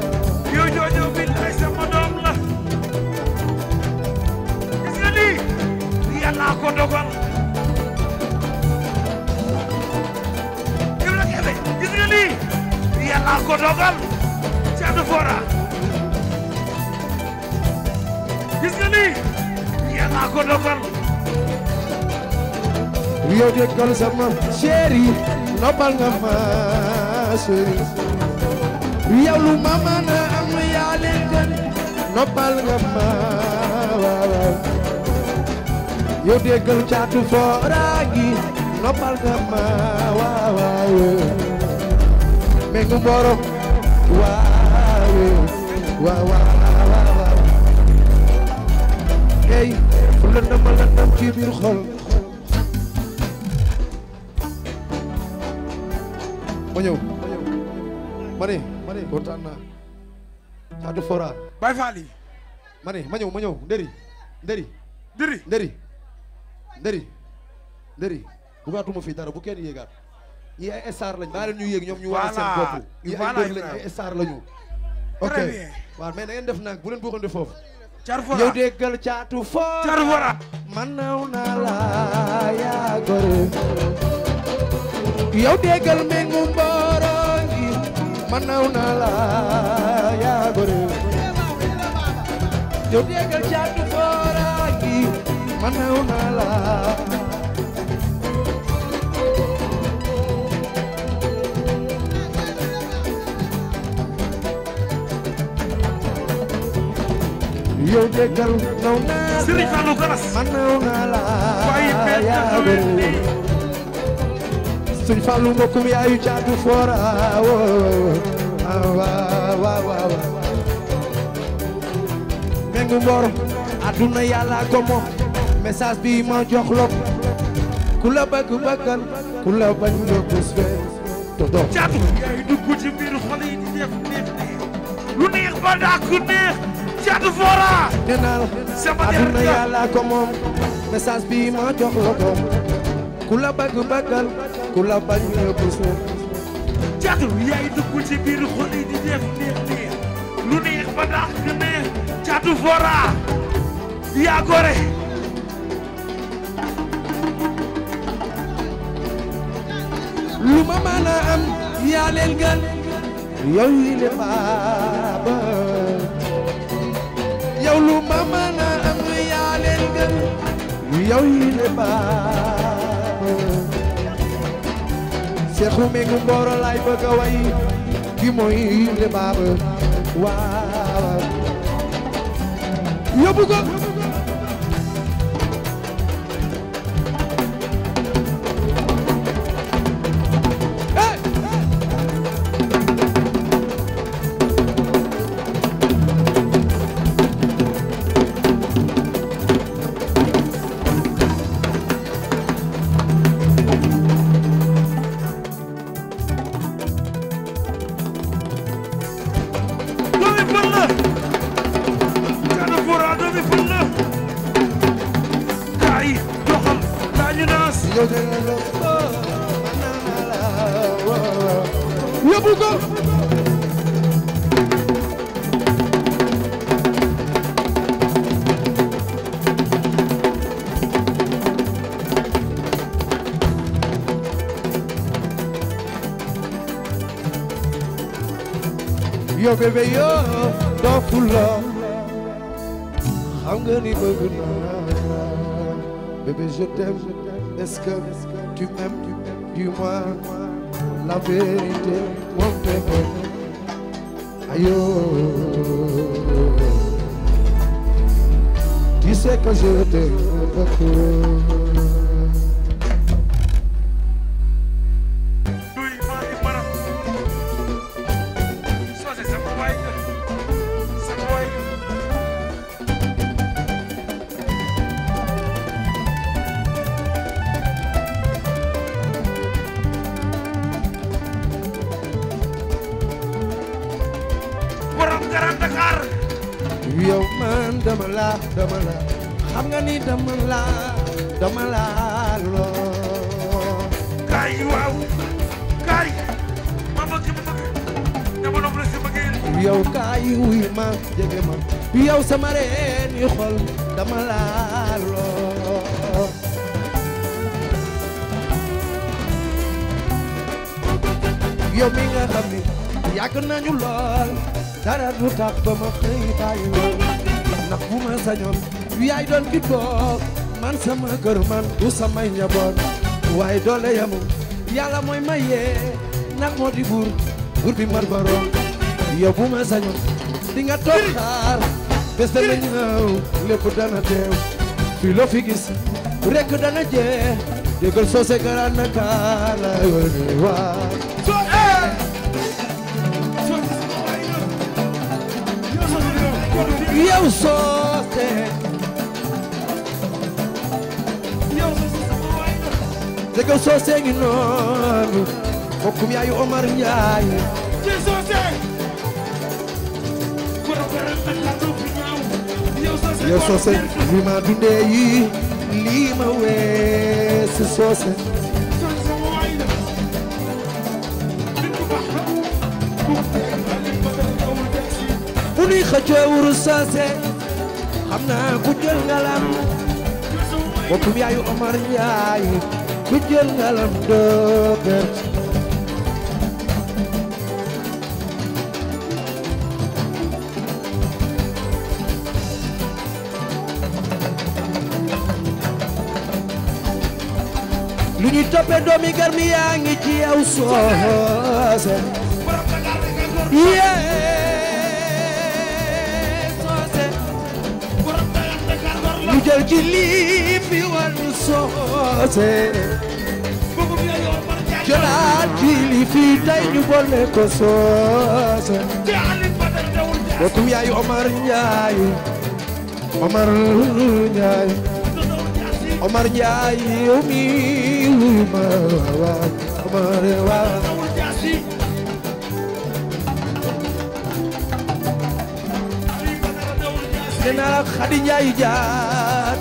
moo dogal Ibra Kebe gis nga lii yàlla ko dogal Thiatou Fora gis nga lii yàlla ko dogal yow déggal sama chéri noppal nga ma chéri yow lu ma mën a am yaa leen gën noppal nga ma yow déggal caatu fooraangi noppal nga ma waawaawe ngu mboro waawe waawaawaawaaw hey fu lëndëm a lëndëm ci biir xol ma ñëw ma ne ma caatu fooraa bay faal yi ma ne ndëri ndëri ndëri ndëri ndëri bugaatuma fii dara bu kenn yéegaat yi ay star lañu baa leen ñu yéeg ñoom ñu war seen bopp yi ay mbër ay star lañu ok waaw mais na ngeen def nag bu leen buuxante foofu carfora yow déggal caatu foo man naw naa manaw naa la yow jëkkër naw naa la Serigne Fallou Garas manaw naa la yaa bëri Serigne Fallou mbokkum yaayu caatu foora waaw waaw waaw mengu mbor aduna yàlla ko moom message bi ma jox ku la bëgg bëggal ku la bañ la bés fee te dox jàpp yaay dugg ci biir xol di def neex neex lu neex ba dàq neex Thiatou Fora nee naa la àdduna yàlla ko moom message bi ma jox ku la bëgg bëggal ku la bañ la bés fee Thiatou yaay dugg ci biir xol di def neex neex lu neex ba dàq neex Thiatou Fora yaa gore lu ma mën a am yaa leen gën yow yi le baaba yow lu ma mën a am yaa leen gën yow yi le baaba seexu meegu mbooro laay bëgg a way ki mooy le baaba waaw yóbbu ko merveilleux dans tout l'homme xam bëgg naa bébé je t'aime est-ce que tu m'aimes dis-moi la vérité moom te ayo tu sais que je t'aime yow mi nga xam ni yàgg nañu lool dara du tax ba ma xëy bàyyi woon bu ma sañoon yaay doon ki man sama kër du samay njaboot waaye doole yamul yàlla mooy maye ndax moo di buur buur bi mar baroon yow bu ma sañoon di nga toog xaar bés dana ñëw lépp dana teew fii loo fi gis rekk dana jee déggal soose garaan na kaala yoon waa yow soose dëgg soose ngi noonu bokkum yaayu Omar Ndiaye ci soose yow soose li ma dundee yi lii ma weesu soose bu nuy xëccoo saase xam naa ku jël ngalam boppum yaayu Omar Njaay ku jël ngalam doo lu ñu toppe doomi garmi yaa ngi ci aw soose màggal ci lii bi war soose jëlaat ci li fi tey ñu boole ko soose bokkum yaayu Omar Ndiaye Omar Ndiaye Omar Ndiaye yow mi wuyu ma waa Omar waa nee naa Xadi Njaay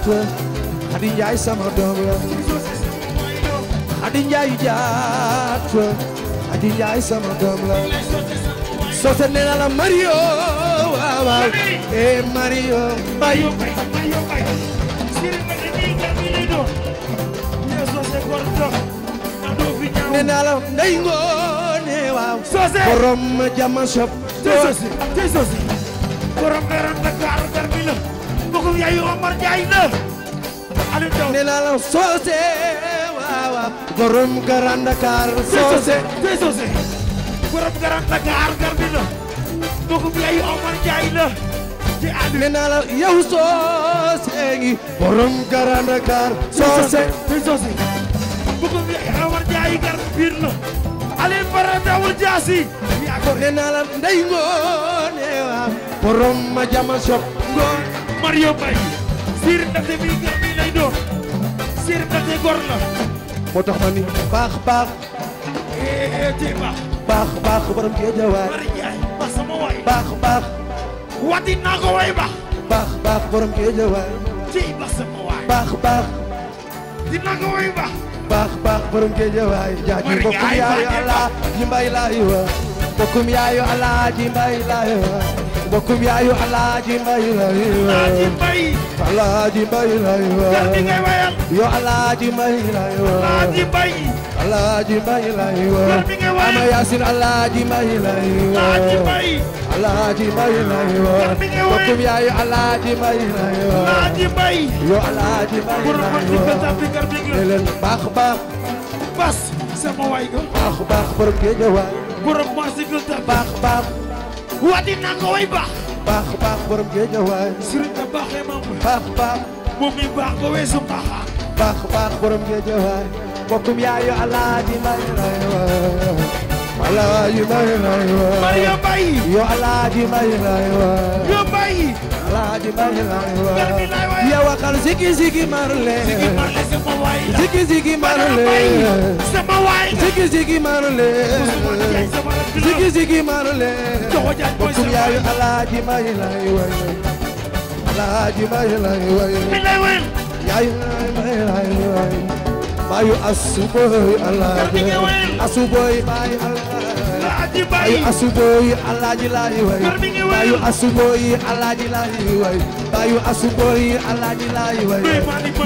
rakk la Xadi Njaay sama doom la Xadi Njaay jaat la Xadi Njaay sama doom la soose nee na la Mario waaw waaw eh Mario bayu bayu bayu nee na la ndey ngoone waaw soose borom jama shop soose soose borom yayu Omar Njaay na Aliou Diaw ne la la soose waaw waaw borom Grand Dakar soose te soose borom Grand Dakar garbi na dugub yayu Omar Njaay na ci Aliou ne la la yow soose ngi borom Grand Dakar soose te soose dugub yayu Omar Njaay na Aliou Bara dawul jaasi yaa ngoone waaw borom ma jama sopp ngoone Mario Mbaye siir ndate mi gër mi lay doon siir ndate gor la moo tax ma ni baax baax ee eh, eh, te baax baax baax borom géejawaay bari njaay ba sama waay baax baax wati naa ko waay baax baax baax borom géejawaay tey ba sama waay baax baax dinaa ko waay baax baax baax borom géejawaay jaaji bokkum yaayu alaaji mbay laayu wa bokkum yaayu alaaji mbay laayu wa mbokkum yaayu alaaji mbay lay way alaaji mbay lay way yo alaaji mbay lay way alaaji mbay lay way ama yaasin alaaji mbay lay way alaaji mbay lay way mbokkum yaayu alaaji mbay lay way yo alaaji mbay lay way baax baax bas sama way ga baax baax borom géej waay borom marché baax baax wa di naan nga way baax baax baax borom géej a waay sëriñ na baaxee maam baax baax moom mi baax ba weesu baax baax baax borom géej a waay bokkum yaayu alaaji may ray waay alaaji may ray waay yo alaaji may ray waay yo bay alaaji marle ya waxal ziki ziki marle ziki ziki marle sama waay ziki ziki marle ziki ziki marle bokkum yaayu alaaji marle alaaji marle yaayu marle mayu asuboy alaaji asuboy baay alaaji alaaji bayu asuboy alaaji laayi way bayu asuboy alaaji laayi way bayu asuboy alaaji laayi way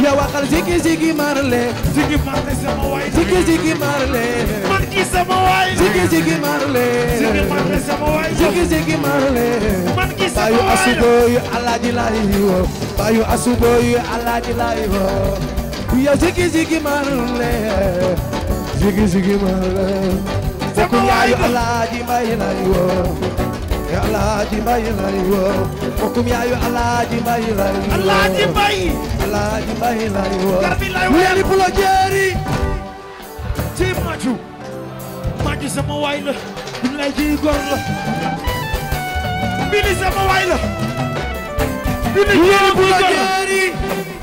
ya waxal sigi sigi marle sigi marle sama way sigi sigi marle man ki sama way sigi sigi marle sigi marle sama way sigi sigi marle man ki sama way bayu asuboy alaaji laayi way bayu asuboy alaaji laayi way ya sigi sigi marle sigi sigi marle ko yaayu alaaji mbay lay woo alaaji mbay lay woo bokkum yaayu alaaji mbay lay woo alaaji mbay alaaji mbay lay woo mu leen di bulo jeeri ci maju maju sama waay la dum lay ji gor la bili sama waay la bili sama waay la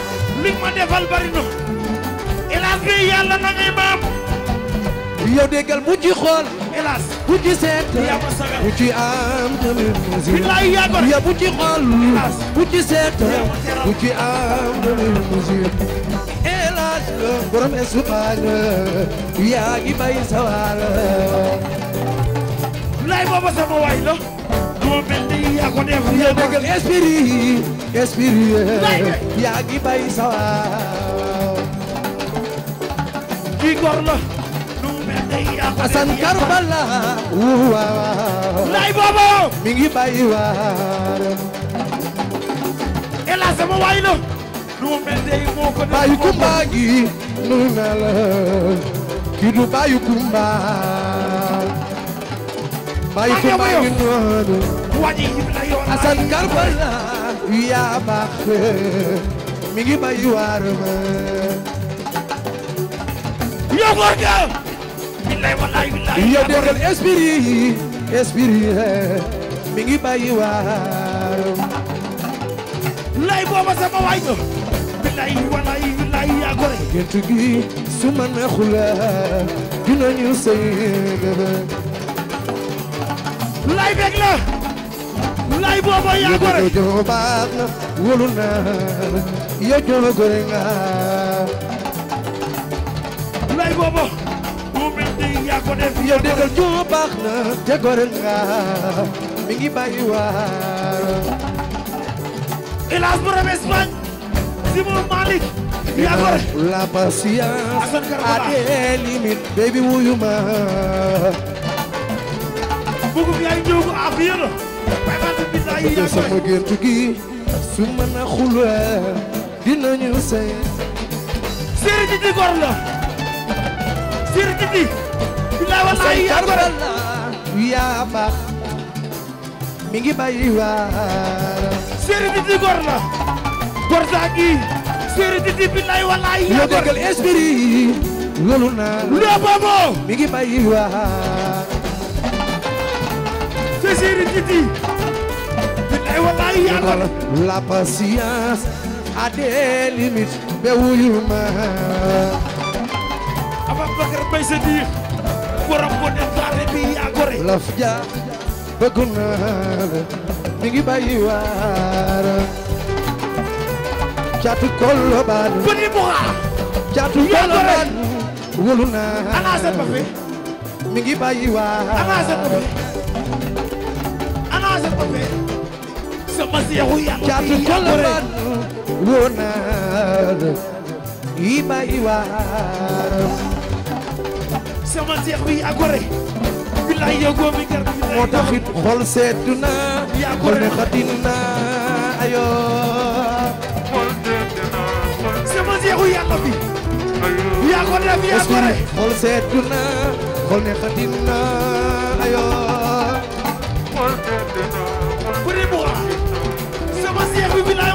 li ma defal bari na bi yàlla na ngay maam yow déggal bu ci xool hélas bu ci seet ci am xool hélas bu ci seet am tamit musique hélas borom Espagne yaa ngi bay sawal bilaay booba sama waay la moo mel ni bay sawar kii góor la lu mel ni yaa ko Asan lay boobo mi ngi bay waar ela la lu mel ni kumba gi nu mel ki du bayu kumba baay ko maa ngi noonu waji la yoon asan karbala yaa baax mi ngi bay waar ma yow góor ga billahi wallahi billahi yow déggal esprit yi esprit yi mi ngi bay waar lay booba sama waay ño billahi wallahi billahi yaa góor gént gi su ma neexul dinañu sëy lay bég la lay boobu yaa gore yow jojo na wóolu naa yow na te gore nga mi ngi bàyyi waar hélas borom Espagne Simon Malik yaa la patience a des limites baby ma bugu yaay jóogu afiir bay bal bi billaay yaay sama gént gi su mën a xulwa dinañu sey séeri ji di gor la yaa baax mi ngi bàyyi waaram séeri ji di gor la gor saa gi yaa gor la déggal esprit loolu naa lu baamoo mi ngi bàyyi César Didi billaay wallaay yàlla la patience a des limites be wuyu ma Ababacar Mbaye Sadiq borom ko def taare bi yaa gore mi ngi bàyyi waar caatu kolobaan buni buxa caatu kolobaan wulu naa anaase pafe mi ngi bàyyi waar masiixu caatu koloman wonaar i ma i waar sa masiix bi yaa gore billaay yow góor mi gar moo taxit xol seetu na yaa gore ne xatin na ayo sa masiixu yàlla bi yaa ko def yaa gore xol seetu na xol ne xatin na ayo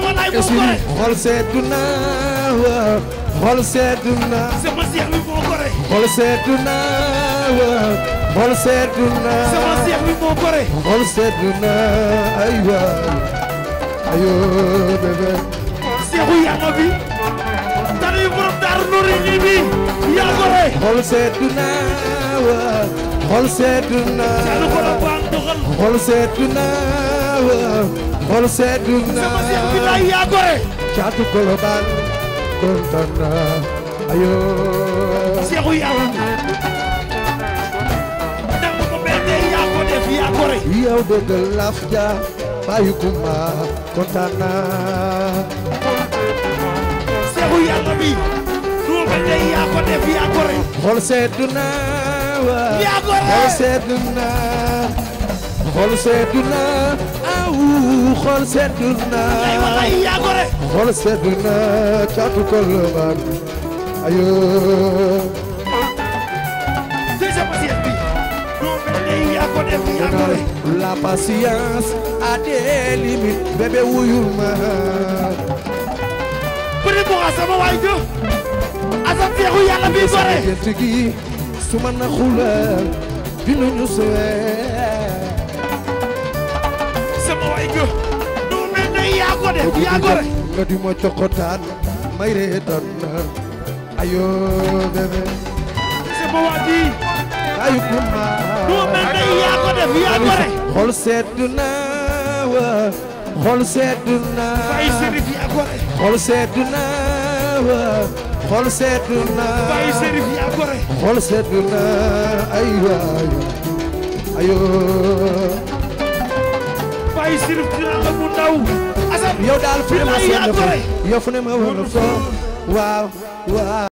wallaay wallaay moo gore xol seetu na waaw xol seetu na sama seex bi moo gore xol seetu na waaw xol seetu na sama seex bi moo gore xol seetu na ay waaw ayo bébé seexu yàlla bi tari borom daaru nuri ñi bi yaa gore xol seetu na waaw xol seetu na xol seetu na waaw xol seetlu naa yaa gore caatu kolobaan kontaan naa ayoo seexu yàlla dama ko benn yaa ko def yaa gore yow dëgg laaf ja bàyyi kumba kontaan naa seexu yàlla bi suma benn yaa yaa gore xol seetlu naa yaa gore xol seetlu naa xol seetlu naa wu xol seetlu naa xol seetlu naa caatu kol maan ayoo la patience a des limites bébé wuyul ma bari bu xasama waay jo asam feexu yàlla bi gore jent gi su ma naxula dinañu sowee ko def yaa gore nga di ma cokotaan may reetaan ayo bébé sama waa ji ayu kuma doo mel ne yaa ko def yaa gore xol sedd na wa xol sedd na fay sérif yaa gore xol sedd na wa xol sedd na fay sérif yaa gore xol sedd na ay waay ayo fay sérif dina la mu ndaw yow daal fu ne ma seen la fu ne ma woon la waaw waaw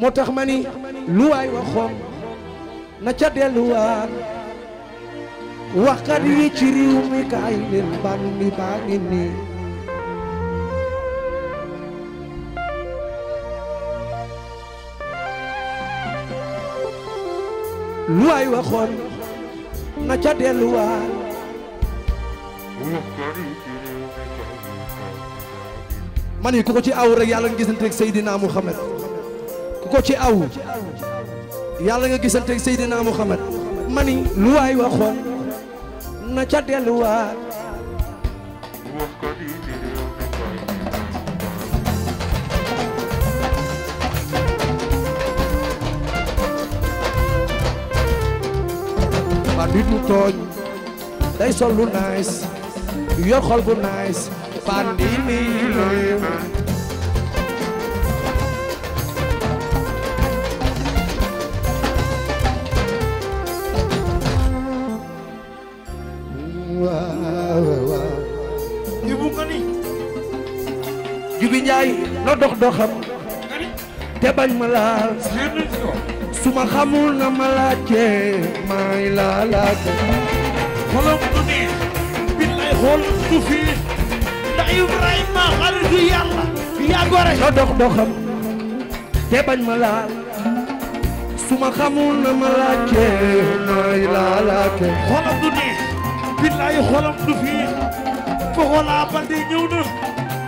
moo tax ma ni lu waay waxoon na ca delluwaat waxkat yi ci mi kaay leen ban mi baa ngi nii lu waay waxoon na ca delluwaat ma ku ko ci aw rek yàlla nga gisanteeg Seydina Muhammad ku ko ci aw yàlla nga gisanteeg Seydina Muhammad ma ni lu waay waxoon na ca delluwaat bi du tooñ day sol lu nice yor xol bu nice pandini réew jubi njaay na dox doxam te bañ ma laal su ma xamul na ma laajte may la xolom du neex billaay xool du fii ndax Ibrahima xaritu yàlla yaa gore soo dox doxam te bañ ma laal su ma xamul na ma laajte may la xolom du neex billaay xolom du fii foo laa ba dee ñëw na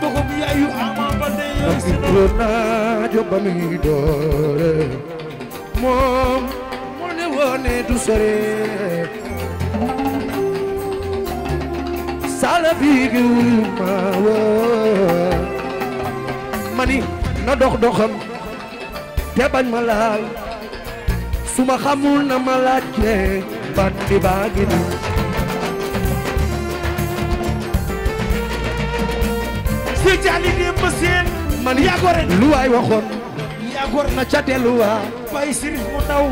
boxom yaayu ama ba dee yow si noonu naa jobba moom moo ne woon ne du sore bi gi wuyu ma woo na dox doxam te bañ ma laal su ma xamul na ma laajte bat bi baa gi ni lu waay waxoon yaa na ca teluwaa fay sirif mu ndaw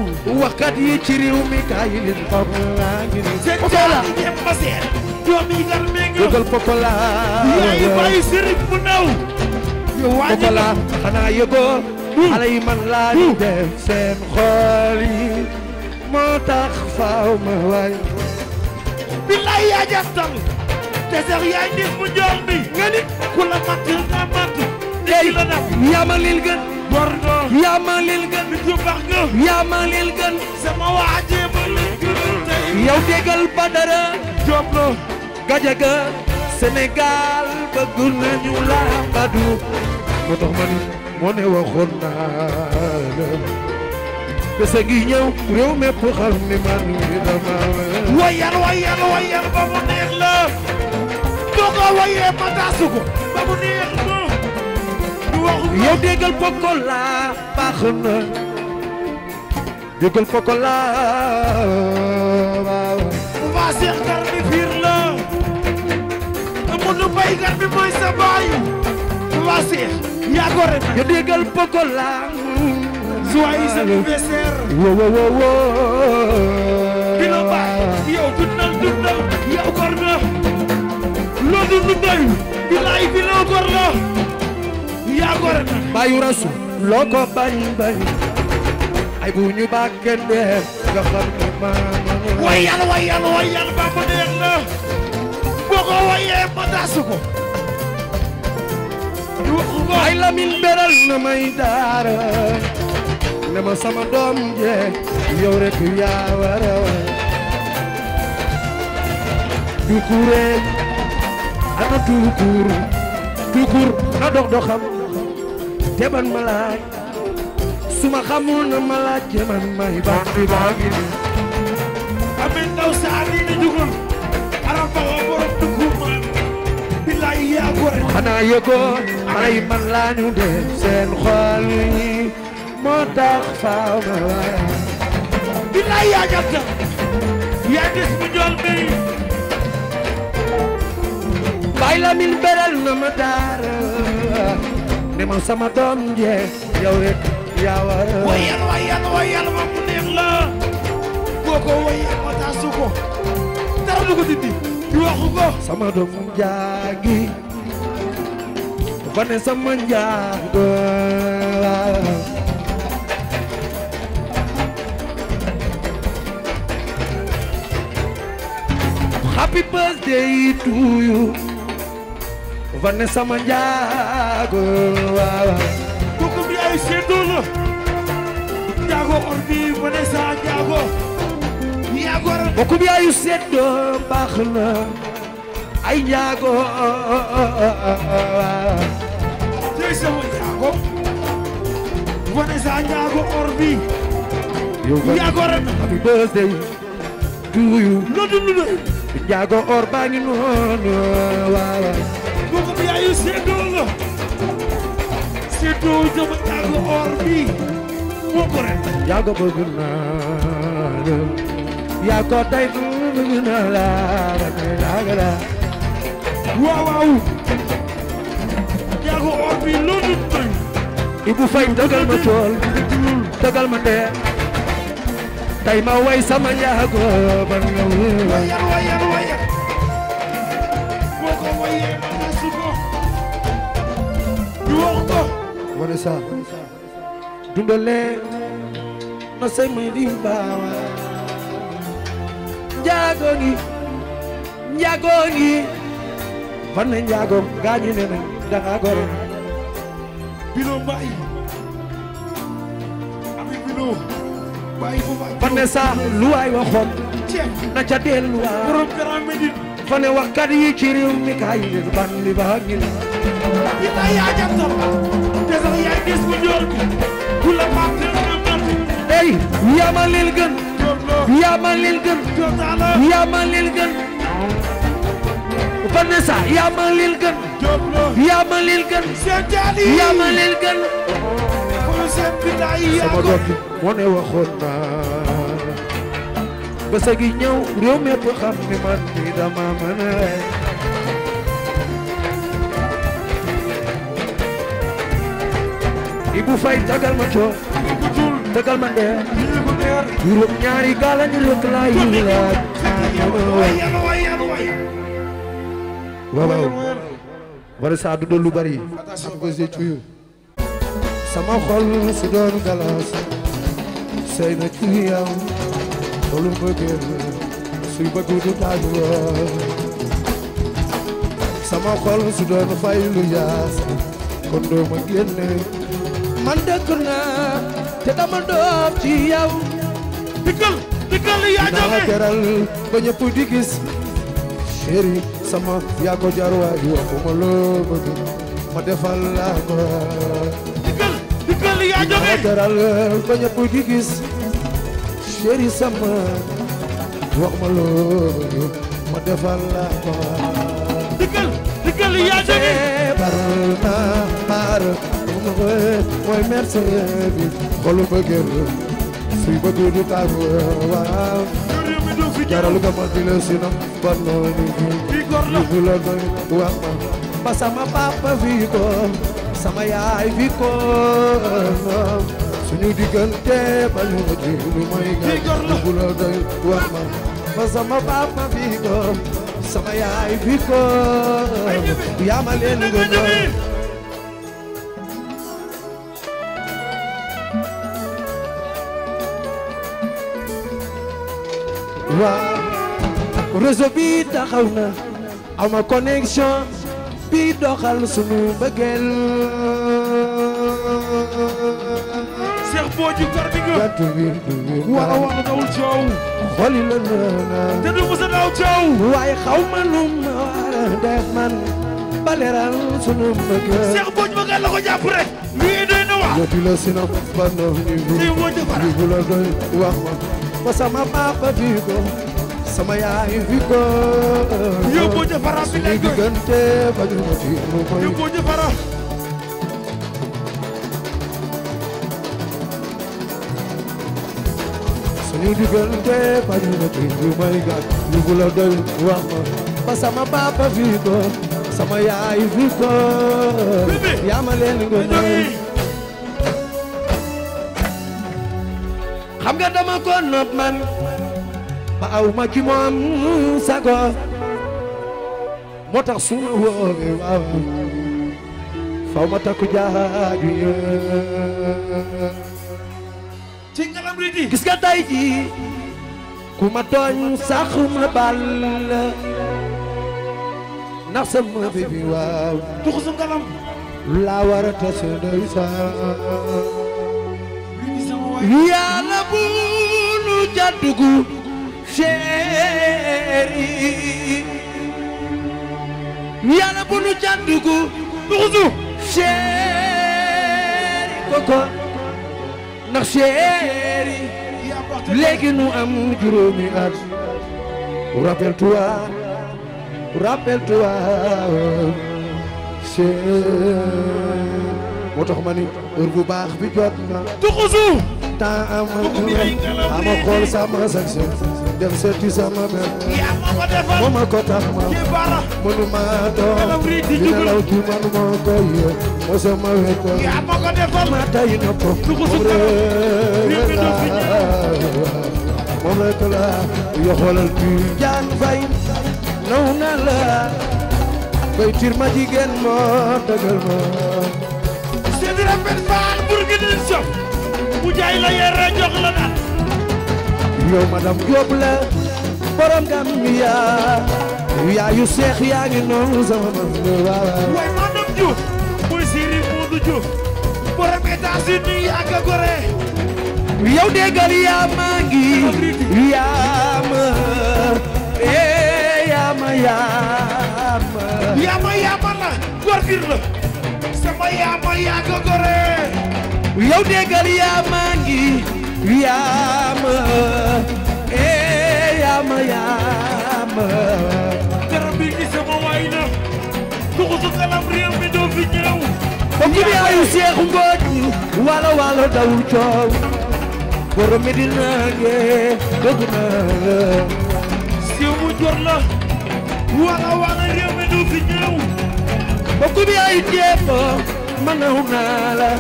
waxkat yi ci réew mi kaay leen xam laa ngi nii seen jaani ñepp ma seen doom yi gar meeg yow fay sirif mu ndaw yow waañi popola xanaa hmm. yi man laa di hmm. def seen xool yi moo tax faaw ma waay billaay yaa jàttal te sax yaay nit mu jox nga nit ku la matt naa matt léegi la nag yamalil gën gor nga yaa ma lil gën nit yu baax nga yaa ma lil gën sama waa jéema lil gën tey yow déggal Badara Diop la Gadiaga Sénégal bëgg nañu la Badou moo tax ma ni moo ne waxoon naa la bés a ngi ñëw réew mépp xam ni man mi dama wayal wayal wayal ba mu neex la boo ko wayee ma taasu ko ba mu neex yow déggal Pokola baax na déggal Pokola waaw. waa Cheikh Garmi fiir la Amadou Mbaye Garmi mooy sa baay waa Cheikh yaa gore na. yow déggal Pokola. joyeux anniversaire. wo wo wo wo. Bilo Baay yow dundal dundal yow gor na. loolu dundal bilaay Bilo gor na. yaa gore na bàyyu rasul loo ko bañ bañ ay bu ñu bàkkee dee nga xam ne maama wayal wayal wayal ba mu neex na boo ko wayee ma dasu ko ay lamin beral na may daara ne ma sama doom jee yow rek yaa war a war du kuréel na dox doxam te man su ma xamul na ma laaj may baax bi baax gi ni amin ndaw sa ali ni wa borom duggu ma billaay yaa gore xanaa yëgoo xalay man laa seen xol yi moo tax faaw ma billaay yaa jatta yaa des mu jool mbey bay la min beral na ma daara ne ma sama doom jee yow rek yaa war wayal wayal wayal ma mu la boo ko wayal taasu ko dara du ko dindi di waxu ko sama doom njaagi ba ne sama Happy birthday to you Vanessa Mandiago waaw kooku bi ay seetu la Ndiago ordi Vanessa Ndiago Ndiago kooku bi ay seetu baax na ay Ndiago waaw tey sama Ndiago Vanessa Ndiago ordi Ndiago ren happy birthday to you Ndiago or baa ngi noonu waaw bukum yaayu seddoo la seddoo jama tàgg or bi moo ko rek yaa ko bëgg naa la yaa ko tey nu bëgg naa la la waaw waaw yaa ko or bi loolu tëj Ibou Faye tëgal ma tool tëgal ma ndee tey ma way sama yaa ko ban nga wul Idrissa dundale no sey muy dimbawa njaago ngi njaago ngi fan ne njaago gaañi ne ne danga gore bilo mbaay ami fan ne sa lu waay waxoon na ca dellu fan ne waxkat yi ci réew mi kaay ban li baa ngi la ita yaa jam gis ku njool bi ku la fàtte ey yaa ma lil gën yaa ma lil gën yaa ma lil gën Vanessa yaa ma lil gën yaa ma lil gën yaa ma lil gën sama moo ne waxoon naa ba sa gi ñëw réew mépp xam ne man mi dama Ibou Faye tagal ma coow tagal ma ndeer juróom ñaari gaala ñu rëkk laa yi laaj waaw bari saa du lu bari sama xol su doon galas say na ci yow xolu suy bëgg du tàgg sama xol su doon fay lu yaas kon doo ma man dëkk naa te dama ci yow dikkal dikkal yaa jame naa teral ba ñëpp di sama yaa ko jar waay waxuma loo bëgg ma defal la ko dikkal dikkal sama wax ma loo ma defal la ko dikkal dikkal yaa jame baral ma heureux mooy merci bi xolu bëggër suy bëgg du taaru waaw jaralu ko ma si na bon noonu fi du doy wax ba sama papa fi ko sama yaay fi ko suñu diggante ba ñu ji lu may nga du la doy wax ba sama papa fi sama yaay fi ko yaa ma waa réseau bi taxaw na ama connexion bi doxal sunu bëggeel Cheikh Bodji góor bi nga gàtt bi wala wala ma lu ma wara def man ba leeral sunu bëggeel Cheikh Bodji ba nga la ko jàpp rek lii doy na wax yow di la sinap na ni bu la doy wax ma ba sama papa Vigo sama yaay Vigo yóbbu ñu fara bi lay doy diggante ba ñu ma fi mu fara suñu diggante ba ñu ma fi mu may gàtt bu la doy wax ma ba sama yaa ma leen nga xam ga dama ko man ba aw ma ci moom sago moo tax su ma woowee waaw faw ma takku jaaju ci ngalam riti gis nga tay ji ku ma tooñ sax ma baal ndax sama bébé waaw tuxu su ngalam laa war a tase yàlla bu nu jàddugu chéri yàlla bu nu jàddugu buxusu chéri koko ndax chéri léegi nu am juróomi at rappelle-toi rappelle-toi chéri moo tax ma ni heure bu baax bi jot na tuxusu temps ama xool sama section dem seeti sama benn moo ma ko tax ma mënuma doom li nelaw ci man moo ko yee moo sama ma tay na ko moom rek laa moom rek laa yo xoolal bi jaan fay naw na ma jigéen moo dëggal ma c'est du rafet faal burgi bu jaay la yere jox la naan yow madame Diop la borom Gambia seex yaa ngi noonu sama man waaw madame Diop mooy Serigne Modou Diop borom États-Unis ak Gorée yow déggal yaa maa ngi yaa ma ee eh, yaa ma yaa ma yaa ma yaa ma la góor la sama yaa ma yaa Gorée yow déggal yaa maa ngi yaa ma eh yaa ma yaa ma. garab yi gis sama waay na dugg mi doo fi ñëw. kooku bi ayu seexu ngooj wala wala daw coow borom mi di nange dëgg na siiw mu jor la wala wala réew mi doo fi ñëw. kooku bi ayu jéem a mën na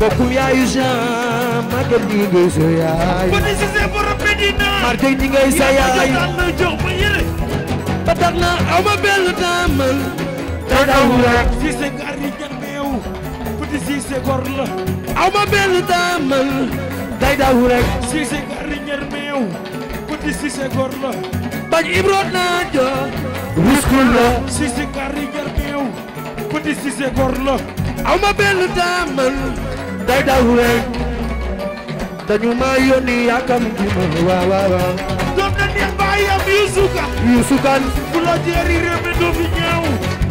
bokkum yaayu Jean magal ñi ngay sa yaay ba ni si see borom Medina martey ñi ngay sa yaay ba tax na aw ma benn taamal te daw la si see gaar yi jarmeew petit si see gor la aw ma benn taamal day daw bañ ibroot naa jo ruskul la si see gaar yi jarmeew petit si see gor la day daw rek dañu ma yónni yaakam ji ma waaw waaw waaw doon na neex yusuka yusukan bu la jeeri reme doo fi ñëw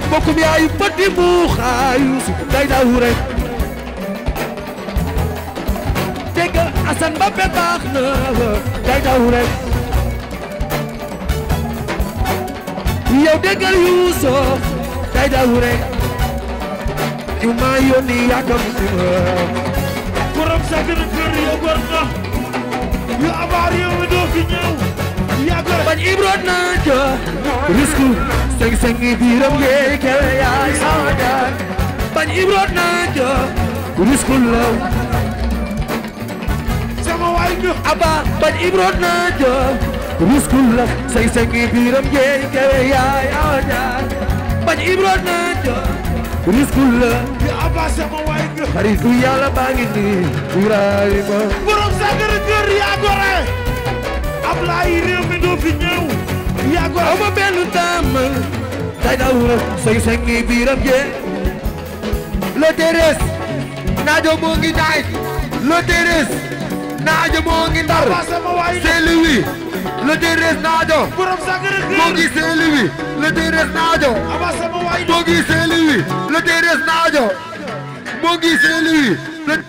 mbokkum yaay bëti muuxa yusuk day daw rek dégg asan ba be baax na day daw rek yow déggal yusuf day daw rek ñu maa yónni yaakam si ma borom sakir kër ya gor na yu abaar yow doo fi ñëw yaa gor bañ ibroot naa jo risku seng seng diiram yee kew yaay bañ ibroot naa jo risku law law seng seng diiram yee kew bañ ibroot naa riskul la di abassé ma waay nga xaritu yàlla baa ngi nii Ibrahima borom sagara kër yaa gore Ablaye réew mi doo fi ñëw yaa gore ama benn taam tay dawra say sangi biiram je le terrasse naajo moo ngi daaj le terrasse naajo moo ngi ndar la louis le DRS naajo moo ngi Saint-Louis le DRS naajo moo ngi Saint-Louis le DRS naajo